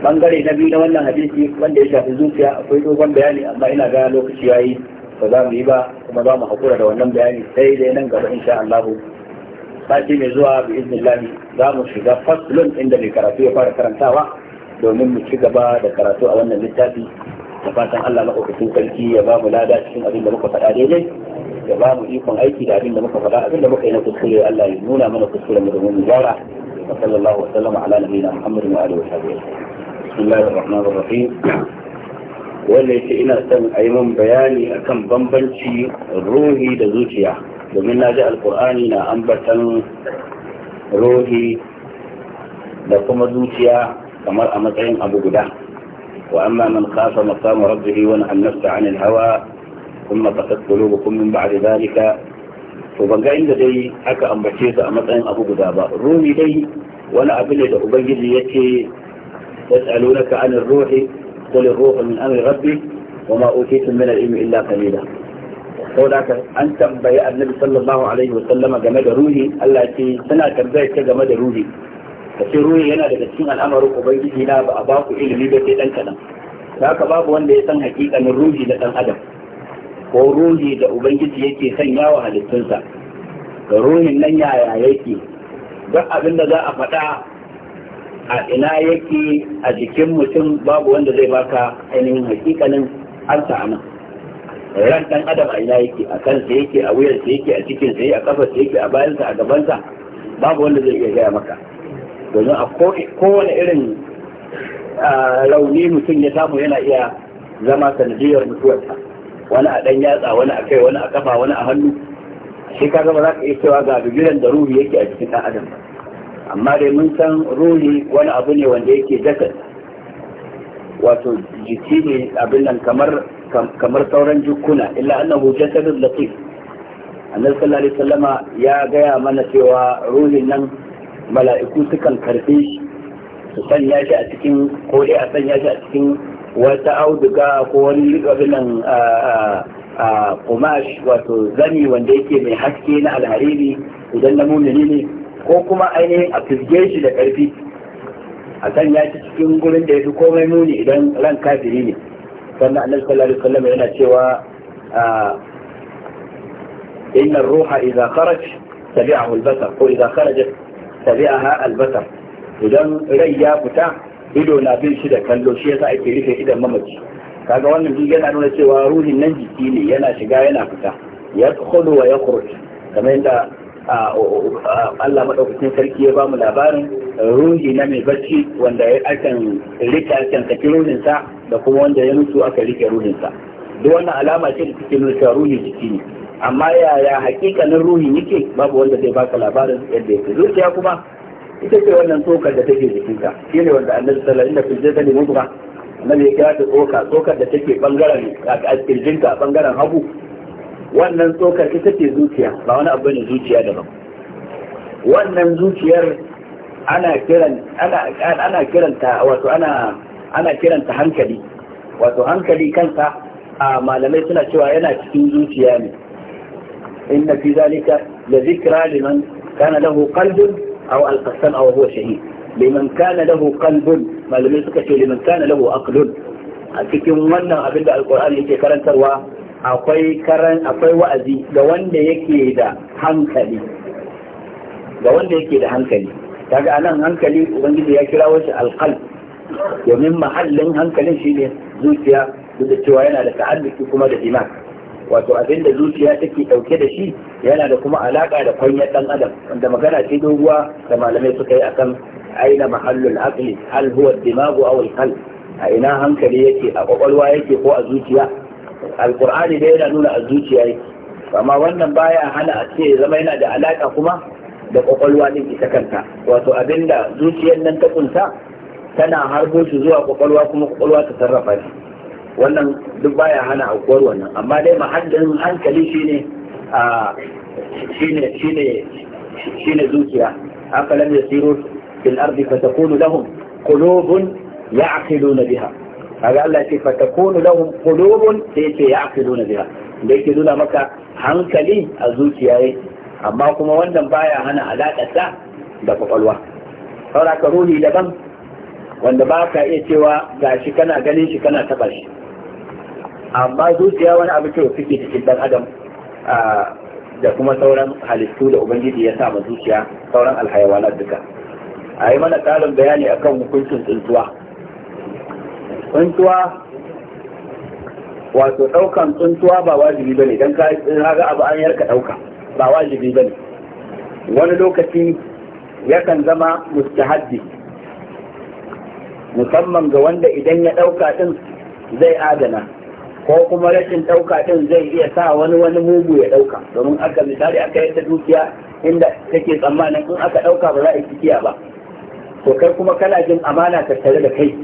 bangare na biyu na wannan hadisi wanda ya shafi zuciya akwai dogon bayani amma ina ga lokaci yayi ba za mu yi ba kuma za mu haƙura da wannan bayani sai dai nan gaba insha Allah sati mai zuwa bi iznillahi za mu shiga faslun inda mai karatu ya fara karantawa domin mu ci gaba da karatu a wannan littafi da fatan Allah maɗaukakin sarki ya ba mu lada cikin abin da muka faɗa daidai ya ba mu ikon aiki da abin da muka faɗa abin da muka yi na kuskure Allah ya nuna mana kuskuren mu domin mu gyara وصلى الله وسلم على نبينا wa وآله وصحبه بسم الله الرحمن الرحيم wanda yake ina son a yi min bayani akan bambanci ruhi da zuciya domin na ji alkur'ani na ambatan ruhi da kuma zuciya kamar a matsayin abu guda wa amma man khafa maqama rabbih wa nahana nafsa 'anil hawa ثم قست قلوبكم من بعد ذلك to ban ga inda dai aka ambace su a matsayin abu guda ba rumi dai wani abu ne da ubangiji yake yas'alunaka an ar-ruhi qul ar-ruhu min amri rabbi wa ma utitum min al-ilmi illa qalila ko da ka an tambayi annabi sallallahu alaihi wa sallama game da ruhi Allah ce tana tambayar ta game da ruhi ce ruhi yana daga cikin al'amarin ubangiji na ba a ba ku ilimi ba sai dan kadan haka babu wanda ya san hakikanin ruhi na dan adam ko ruhi da ubangiji yake sanya wa halittunsa da ruhin nan yaya yake duk abin da za a faɗa a ina yake a jikin mutum babu wanda zai baka ainihin hakikanin ansa sa'ana ran dan adam a ina yake a kansa yake a wuyarsa yake a cikin yake a kafarsa yake a bayansa a gabansa babu wanda zai iya gaya maka domin a kowane irin rauni mutum ya samu yana iya zama sanadiyar mutuwarsa wani a ɗan yatsa wani a kai wani a kafa wani a hannu shi ka gaba za ka iya cewa ga bigiran da ruhi yake a cikin ɗan adam amma dai mun san ruhi wani abu ne wanda yake jasad wato jiki ne abin nan kamar kamar sauran jukuna illa annahu jasadun latif annabi sallallahu alaihi wasallama ya gaya mana cewa ruhin nan mala'iku sukan karfe, shi su sanya shi a cikin ko dai a sanya shi a cikin wata auduga ko wani abinan a kumash wato zani wanda yake mai haske na alhariri idan na mumini ne ko kuma ainihin a fizge shi da ƙarfi a kan ya ci cikin gurin da ya fi komai muni idan ran kafiri ne sannan annabi sallallahu alaihi yana cewa inna ruha idza kharaj tabi'ahu al-basar ko idza kharajat tabi'aha al-basar idan rai ya fita ido na bin shi da kallo shi yasa ake rufe idan mamaci kaga wannan duk yana nuna cewa ruhin nan jiki ne yana shiga yana fita ya khulu wa yakhruj kamar yadda Allah madaukakin sarki ya ba mu labarin ruhi na mai bacci wanda ya akan rike akan sa da kuma wanda ya mutu aka rike ruhin sa duk wannan alama ce da take nuna cewa ruhi jiki ne amma yaya hakikanin ruhi yake babu wanda zai baka labarin yadda yake zuciya kuma ita ce wannan tsokar da take jikinka shi ne wanda annabi sallallahu alaihi wasallam inda kuje mutuwa annabi ya kira ta tsoka tsokar da take bangaren a kirjinka bangaren hagu wannan tsokar ita ce zuciya ba wani abu ne zuciya daban wannan zuciyar ana kiran ana ana kiranta wato ana ana kiranta hankali wato hankali kansa a malamai suna cewa yana cikin zuciya ne inna fi zalika la zikra liman kana lahu qalbun أو القسام أو هو شهيد liman kana lahu qalbun malamai suka ce liman kana lahu aqlun a cikin wannan abin da alqur'ani yake karantarwa akwai karan akwai wa'azi ga wanda yake da hankali ga da hankali kaga anan hankali ubangiji ya kira shi alqalb domin mahallin hankalin shine zuciya duk da cewa yana da ta'alluki kuma da dimaga wato abin da zuciya take dauke da shi yana da kuma alaka da kwanyar dan adam wanda magana ce doguwa da malamai suka yi akan aina mahallul aqli hal huwa dimagu aw al a ina hankali yake a kwakwalwa yake ko a zuciya alqur'ani da yana nuna a zuciya yake amma wannan baya hana a ce zama yana da alaka kuma da kwakwalwa din ita kanta wato abinda zuciyar nan ta kunta tana harbo shi zuwa kwakwalwa kuma kwakwalwa ta sarrafa shi wannan duk baya hana aukuwar wannan amma dai mahallin hankali shine a shine shine shine zuciya haka lam yasiru fil ardi fatakunu lahum qulubun ya'qiluna biha kaga Allah ce fatakunu lahum qulubun sai yace ya'qiluna biha da yake nuna maka hankali a zuciya yake amma kuma wannan baya hana alaƙarsa da kwakwalwa saboda ka ruhi daban wanda ba ka iya cewa gashi kana ganin shi kana taɓa shi amma zuciya wani abu ce suke cikin dan adam da kuma sauran halittu da ubangiji ya sa ma zuciya sauran alhayawanat duka a yi mana karin bayani akan hukuncin tsuntuwa tsuntuwa wato ɗaukan tsuntuwa ba wajibi bane dan ka ga abu an yarka ɗauka ba wajibi bane wani lokaci yakan zama mustahaddi musamman ga wanda idan ya ɗauka din zai adana ko kuma rashin ɗauka ɗin zai iya sa wani wani mugu ya ɗauka domin aka misali aka yadda dukiya inda take tsammanin in aka ɗauka ba za a yi cikiya ba to kai kuma kana jin amana tattare da kai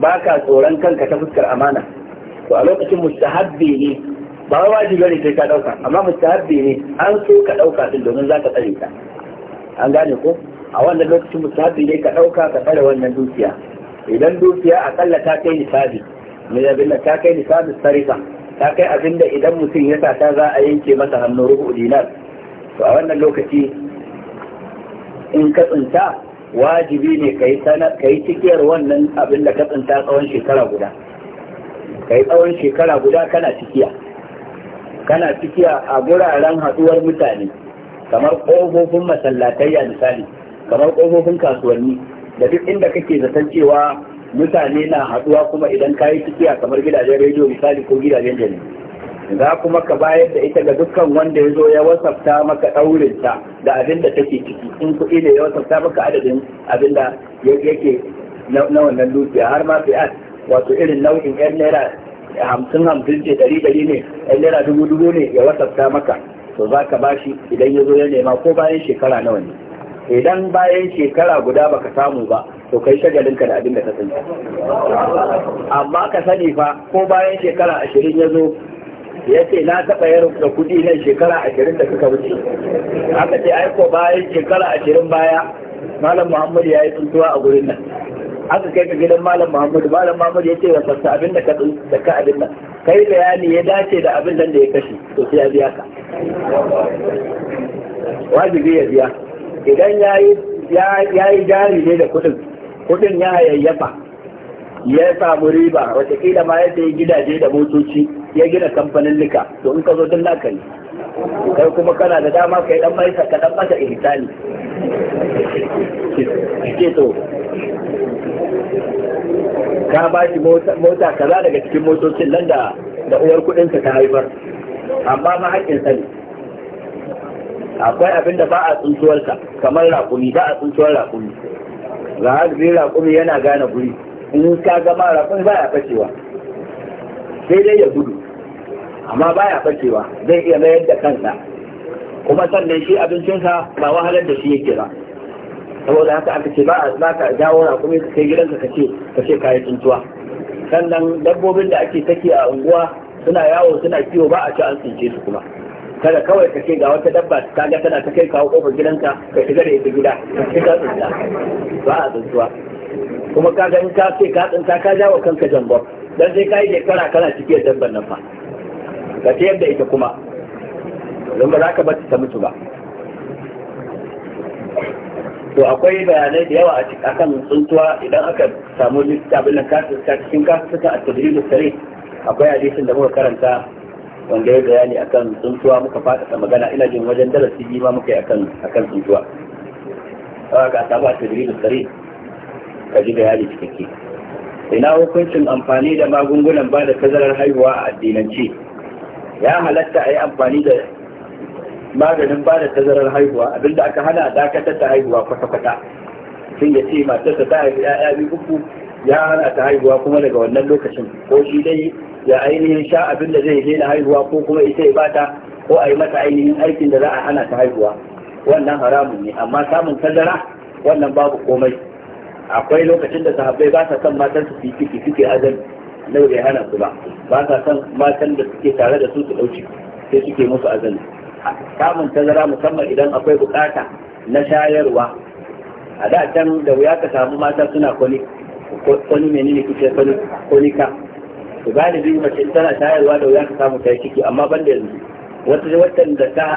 ba ka tsoron kanka ta fuskar amana to a lokacin mustahabbi ne ba wajibi ne sai ka ɗauka amma mustahabbi ne an so ka ɗauka ɗin domin za ka tsare ta an gane ko a wannan lokacin mustahabbi ne ka ɗauka ka tsare wannan dukiya idan dukiya akalla ta kai nisabi mai abin da ta kai nisanin sarifa ta kai abin da idan mutum ya sata za a yanke masa hannu rubu dinar to a wannan lokaci in ka tsinta wajibi ne ka yi cikiyar wannan abin da ka tsinta tsawon shekara guda ka yi tsawon shekara guda kana cikiya kana cikiya a guraren haɗuwar mutane kamar ƙofofin masallatai a misali kamar ƙofofin kasuwanni da duk inda kake zaton cewa mutane na haɗuwa kuma idan ka yi tafiya kamar gidajen rediyo misali ko gidajen jami za kuma ka bayar da ita ga dukkan wanda ya zo ya wasafta maka ɗaurin ta da abin da take ciki in kuɗi ne ya wasafta maka adadin abin da yake na wannan dukiya har ma fi'at wato irin nau'in yan naira hamsin hamsin ce ɗari ɗari ne yan naira dubu dubu ne ya wasafta maka to za ka bashi idan ya zo ya nema ko bayan shekara nawa ne idan bayan shekara guda baka samu ba to kai shagalinka da abin da ka sani amma ka sani fa ko bayan shekara ashirin ya zo ya ce na taɓa yaro da kuɗi nan shekara ashirin da kuka wuce aka ce aiko bayan shekara ashirin baya malam muhammadu ya yi tuntuwa a gurin nan aka kai ka gidan malam muhammadu malam muhammadu ya ce wa sassa abin da ka abin nan kai bayani ya dace da abin nan da ya kashe to sai ya biya ka wajibi ya biya idan ya yi jari ne da kudin kudin ya yayyafa ya samu riba watakila ma ya sayi gidaje da motoci ya gina kamfanin nika to in ka zo din naka ne kai kuma kana da dama kai dan mai ka dan ihsani ke to ka ba shi mota kaza daga cikin motocin nan da uwar kudin ta haifar amma ma haƙƙin sani akwai abin da ba a tsuntuwarsa kamar raƙumi ba a tsuntuwar raƙumi ga hadisi raƙumi yana gane guri in ka gama raƙumi ba ya fashewa sai dai ya gudu amma ba ya fashewa zai iya mayar da kansa kuma sannan shi abincinsa ba wahalar da shi yake ba saboda haka aka ce ba a za ka jawo raƙumi ka kai gidanka ka ce ka ce kayi tsuntuwa sannan dabbobin da ake saki a unguwa suna yawo suna kiwo ba a ci an tsince su kuma kada kawai ka ce ga wata dabba ta ga tana ta kai kawo kofar gidanka ka shiga da ita gida ka shiga tsinta ba a tsintuwa kuma ka ga in ka ce ka tsinta ka ja wa kanka jambon dan sai ka yi shekara kana cike da dabban nan fa ka ce yadda ita kuma don ba za ka bata ta mutu ba to akwai bayanai da yawa a kan tsuntuwa idan aka samu littafin nan cikin kasuwa a tabbiri da sare akwai hadisin da muka karanta wanda ya bayani akan tsuntuwa muka fata magana ina jin wajen darasi biyu ma muka yi akan akan tsuntuwa kawai ga samu a tajiri da tsari ka ji bayani cikakke ina hukuncin amfani da magungunan ba da tazarar haihuwa a addinance ya halatta a yi amfani da maganin ba da tazarar haihuwa abinda aka hana dakatar da haihuwa kwata-kwata sun ya ce matarsa ta haifi 'ya'ya biyu uku ya hana ta haihuwa kuma daga wannan lokacin ko shi dai ya ainihin sha abin da zai daina haihuwa ko kuma ita ya bata ko a yi mata ainihin aikin da za a hana ta haihuwa wannan haramun ne amma samun tazara wannan babu komai akwai lokacin da sahabbai ba sa son matan su fi ciki suke azan na bai hana su ba ba sa son matan da suke tare da su su ɗauki sai suke musu azan samun tazara musamman idan akwai bukata na shayarwa a da can da wuya ka samu mata suna kwani wani menene kuke ko konika to galibi mace tana tayarwa da wuya ka samu ta ciki amma ban da yanzu wata watan da ta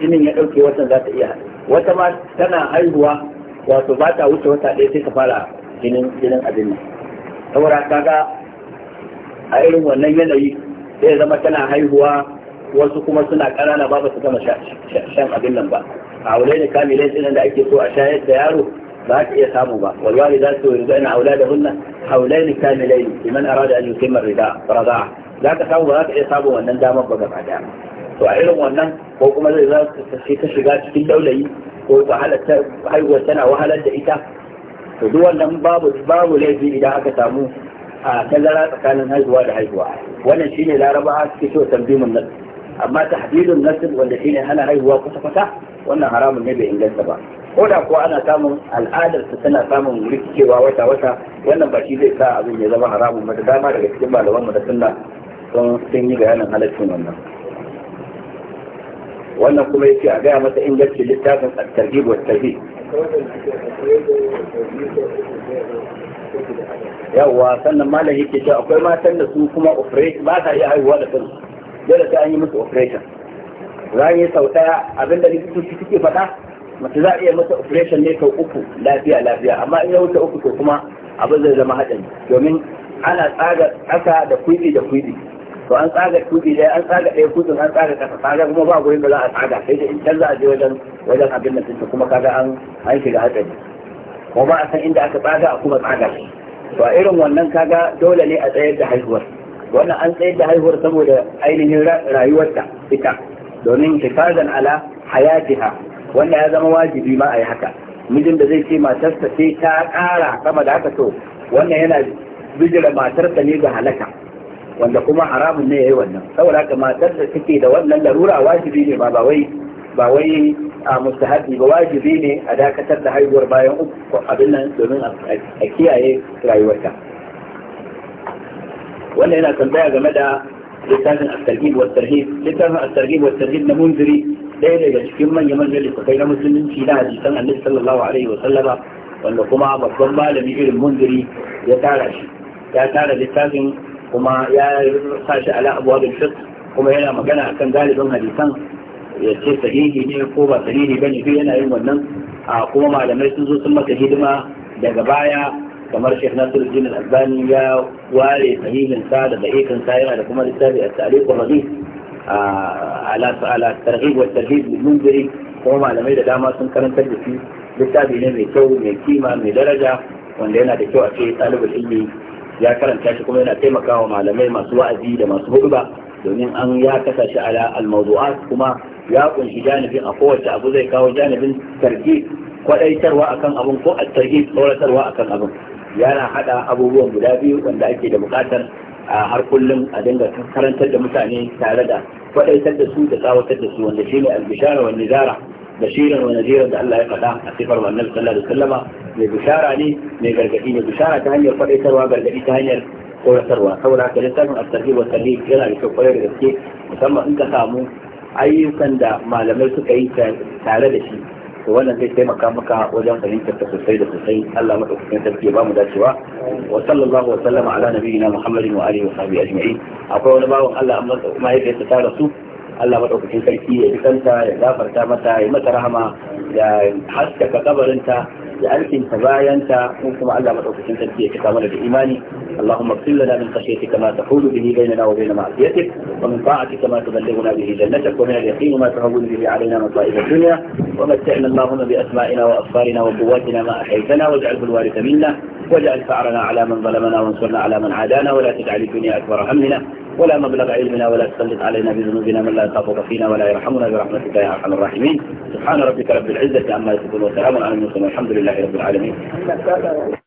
jinin ya dauke watan za ta iya wata ma tana haihuwa wato ba ta wuce wata ɗaya sai ta fara jinin jinin abin nan saboda kaga a irin wannan yanayi sai zama tana haihuwa wasu kuma suna ƙanana ba ba su gama shan abin nan ba a wulai da kamilai tsinan da ake so a shayar da yaro ba ta iya samu ba wallahi za su yi zana auladahunna haulaini kamilaini iman arada an yutimma rida rada'a za ka samu ba za ka iya samu wannan damar ba gaba daya to a irin wannan ko kuma zai za ta shiga cikin daulayi ko ba haihuwar tana wahalar da ita to duk wannan babu babu laifi idan aka samu a tazara tsakanin haihuwa da haihuwa wannan shine larabawa suke so tambimin nas amma tahdidun nasl wanda shine hana haihuwa kusa kusa wannan haramun ne bai inganta ba ko da kuwa ana samun al'adar su tana samun rikicewa wata wata wannan ba shi zai sa abin ya zama haramun ba da dama daga cikin malaman mu da sunna sun yi bayanin halaccin wannan wannan kuma yake a gaya masa ingancin littafin at-tarhib wa tarhib sannan malam yake cewa akwai matan da su kuma operate ba ta iya haihuwa da kansu dole sai an yi musu operation za yi sau ɗaya abinda likitoci suke faɗa mace za a iya mata operation ne sau uku lafiya lafiya amma in ya wuce uku to kuma abin zai zama haɗari domin ana tsaga ƙasa da kuɗi da kuɗi to an tsaga kuɗi ɗaya an tsaga ɗaya kuɗin an tsaga ƙasa tsaga kuma ba gurin da za a tsaga sai da in canza a je wajen wajen abin da sun kuma kaga an an shiga haɗari kuma ba a san inda aka tsaga a kuma tsaga to a irin wannan kaga dole ne a tsayar da haihuwar wannan an tsayar da haihuwar saboda ainihin rayuwarta ita domin hifazan ala hayatiha wanda ya zama wajibi ma a yi haka mijin da zai ce matarsa sai ta ƙara sama da haka to wannan yana bijira matarsa ne ga halaka wanda kuma haramun ne ya yi wannan saboda haka matarsa take da wannan larura wajibi ne ba ba wai ba wai a mustahabi ba wajibi ne a dakatar da haihuwar bayan uku abin nan domin a kiyaye rayuwarta wannan yana tambaya game da littafin at-targhib wa tarhib littafin at-targhib na munziri ɗaya daga cikin manyan manyan littafai na musulunci na hadisan annabi sallallahu alaihi wa sallama wanda kuma babban malami irin munziri ya tara shi ya tara littafin kuma ya sa shi ala abuwa da kuma yana magana akan galibin hadisan ya ce sahihi ne ko ba sahihi bane duk yana yin wannan a kuma malamai sun zo sun masa hidima daga baya kamar Sheikh Nasiruddin Al-Albani ya ware sahihin sa da da'ikan sa yana da kuma littafi a tariq al-Hadith a ala targhib wa tarhib al kuma malamai da dama sun karantar da shi littafi ne mai kyau mai kima mai daraja wanda yana da kyau a ce ɗalibin ilmi ya karanta shi kuma yana taimakawa malamai masu wa'azi da masu huduba domin an ya kasa shi ala al kuma ya kunshi janibin a kowace abu zai kawo janibin targhib kwadaitarwa akan abun ko at-targhib tsoratarwa akan abun yana hada abubuwan guda biyu wanda ake da bukatar a har kullum a dinga karantar da mutane tare da kwadaitar da su da tsawatar da su wanda ne albishara wa nizara bashiran wa naziran da Allah ya faɗa a sifar wannan sallallahu alaihi wasallama mai bishara ne mai gargadi ne bishara ta hanyar kwadaitarwa gargadi ta hanyar tsoratarwa saboda haka littafin at wa yana da kyau kwarai da gaske musamman in ka samu ayyukan da malamai suka yi tare da shi to wannan zai taimaka maka wajen fahimtar ta sosai da sosai Allah madaukakin sarki ya bamu dacewa wa sallallahu wa sallama ala nabiyina Muhammadin wa alihi wa sahbihi ajma'in akwai wani bawan Allah amma mahaifiyarsa ta rasu Allah madaukakin sarki ya ji kanta ya gafarta mata ya mata rahama ya haskaka kabarinta ya alkinta bayanta ko kuma Allah madaukakin sarki ya cika mana da imani اللهم اغفر لنا من خشيتك ما تحول به بيننا وبين معصيتك ومن طاعتك ما تبلغنا به جنتك ومن اليقين ما تهون به علينا مصائب الدنيا ومتعنا اللهم باسمائنا وابصارنا وقواتنا ما احييتنا واجعله الوارث منا واجعل فعرنا على من ظلمنا وانصرنا على من عادانا ولا تجعل الدنيا اكبر همنا ولا مبلغ علمنا ولا تسلط علينا بذنوبنا من لا ولا تغفر فينا ولا يرحمنا برحمتك يا ارحم الراحمين سبحان ربك رب العزة عما يصفون وسلام على المرسلين والحمد لله رب العالمين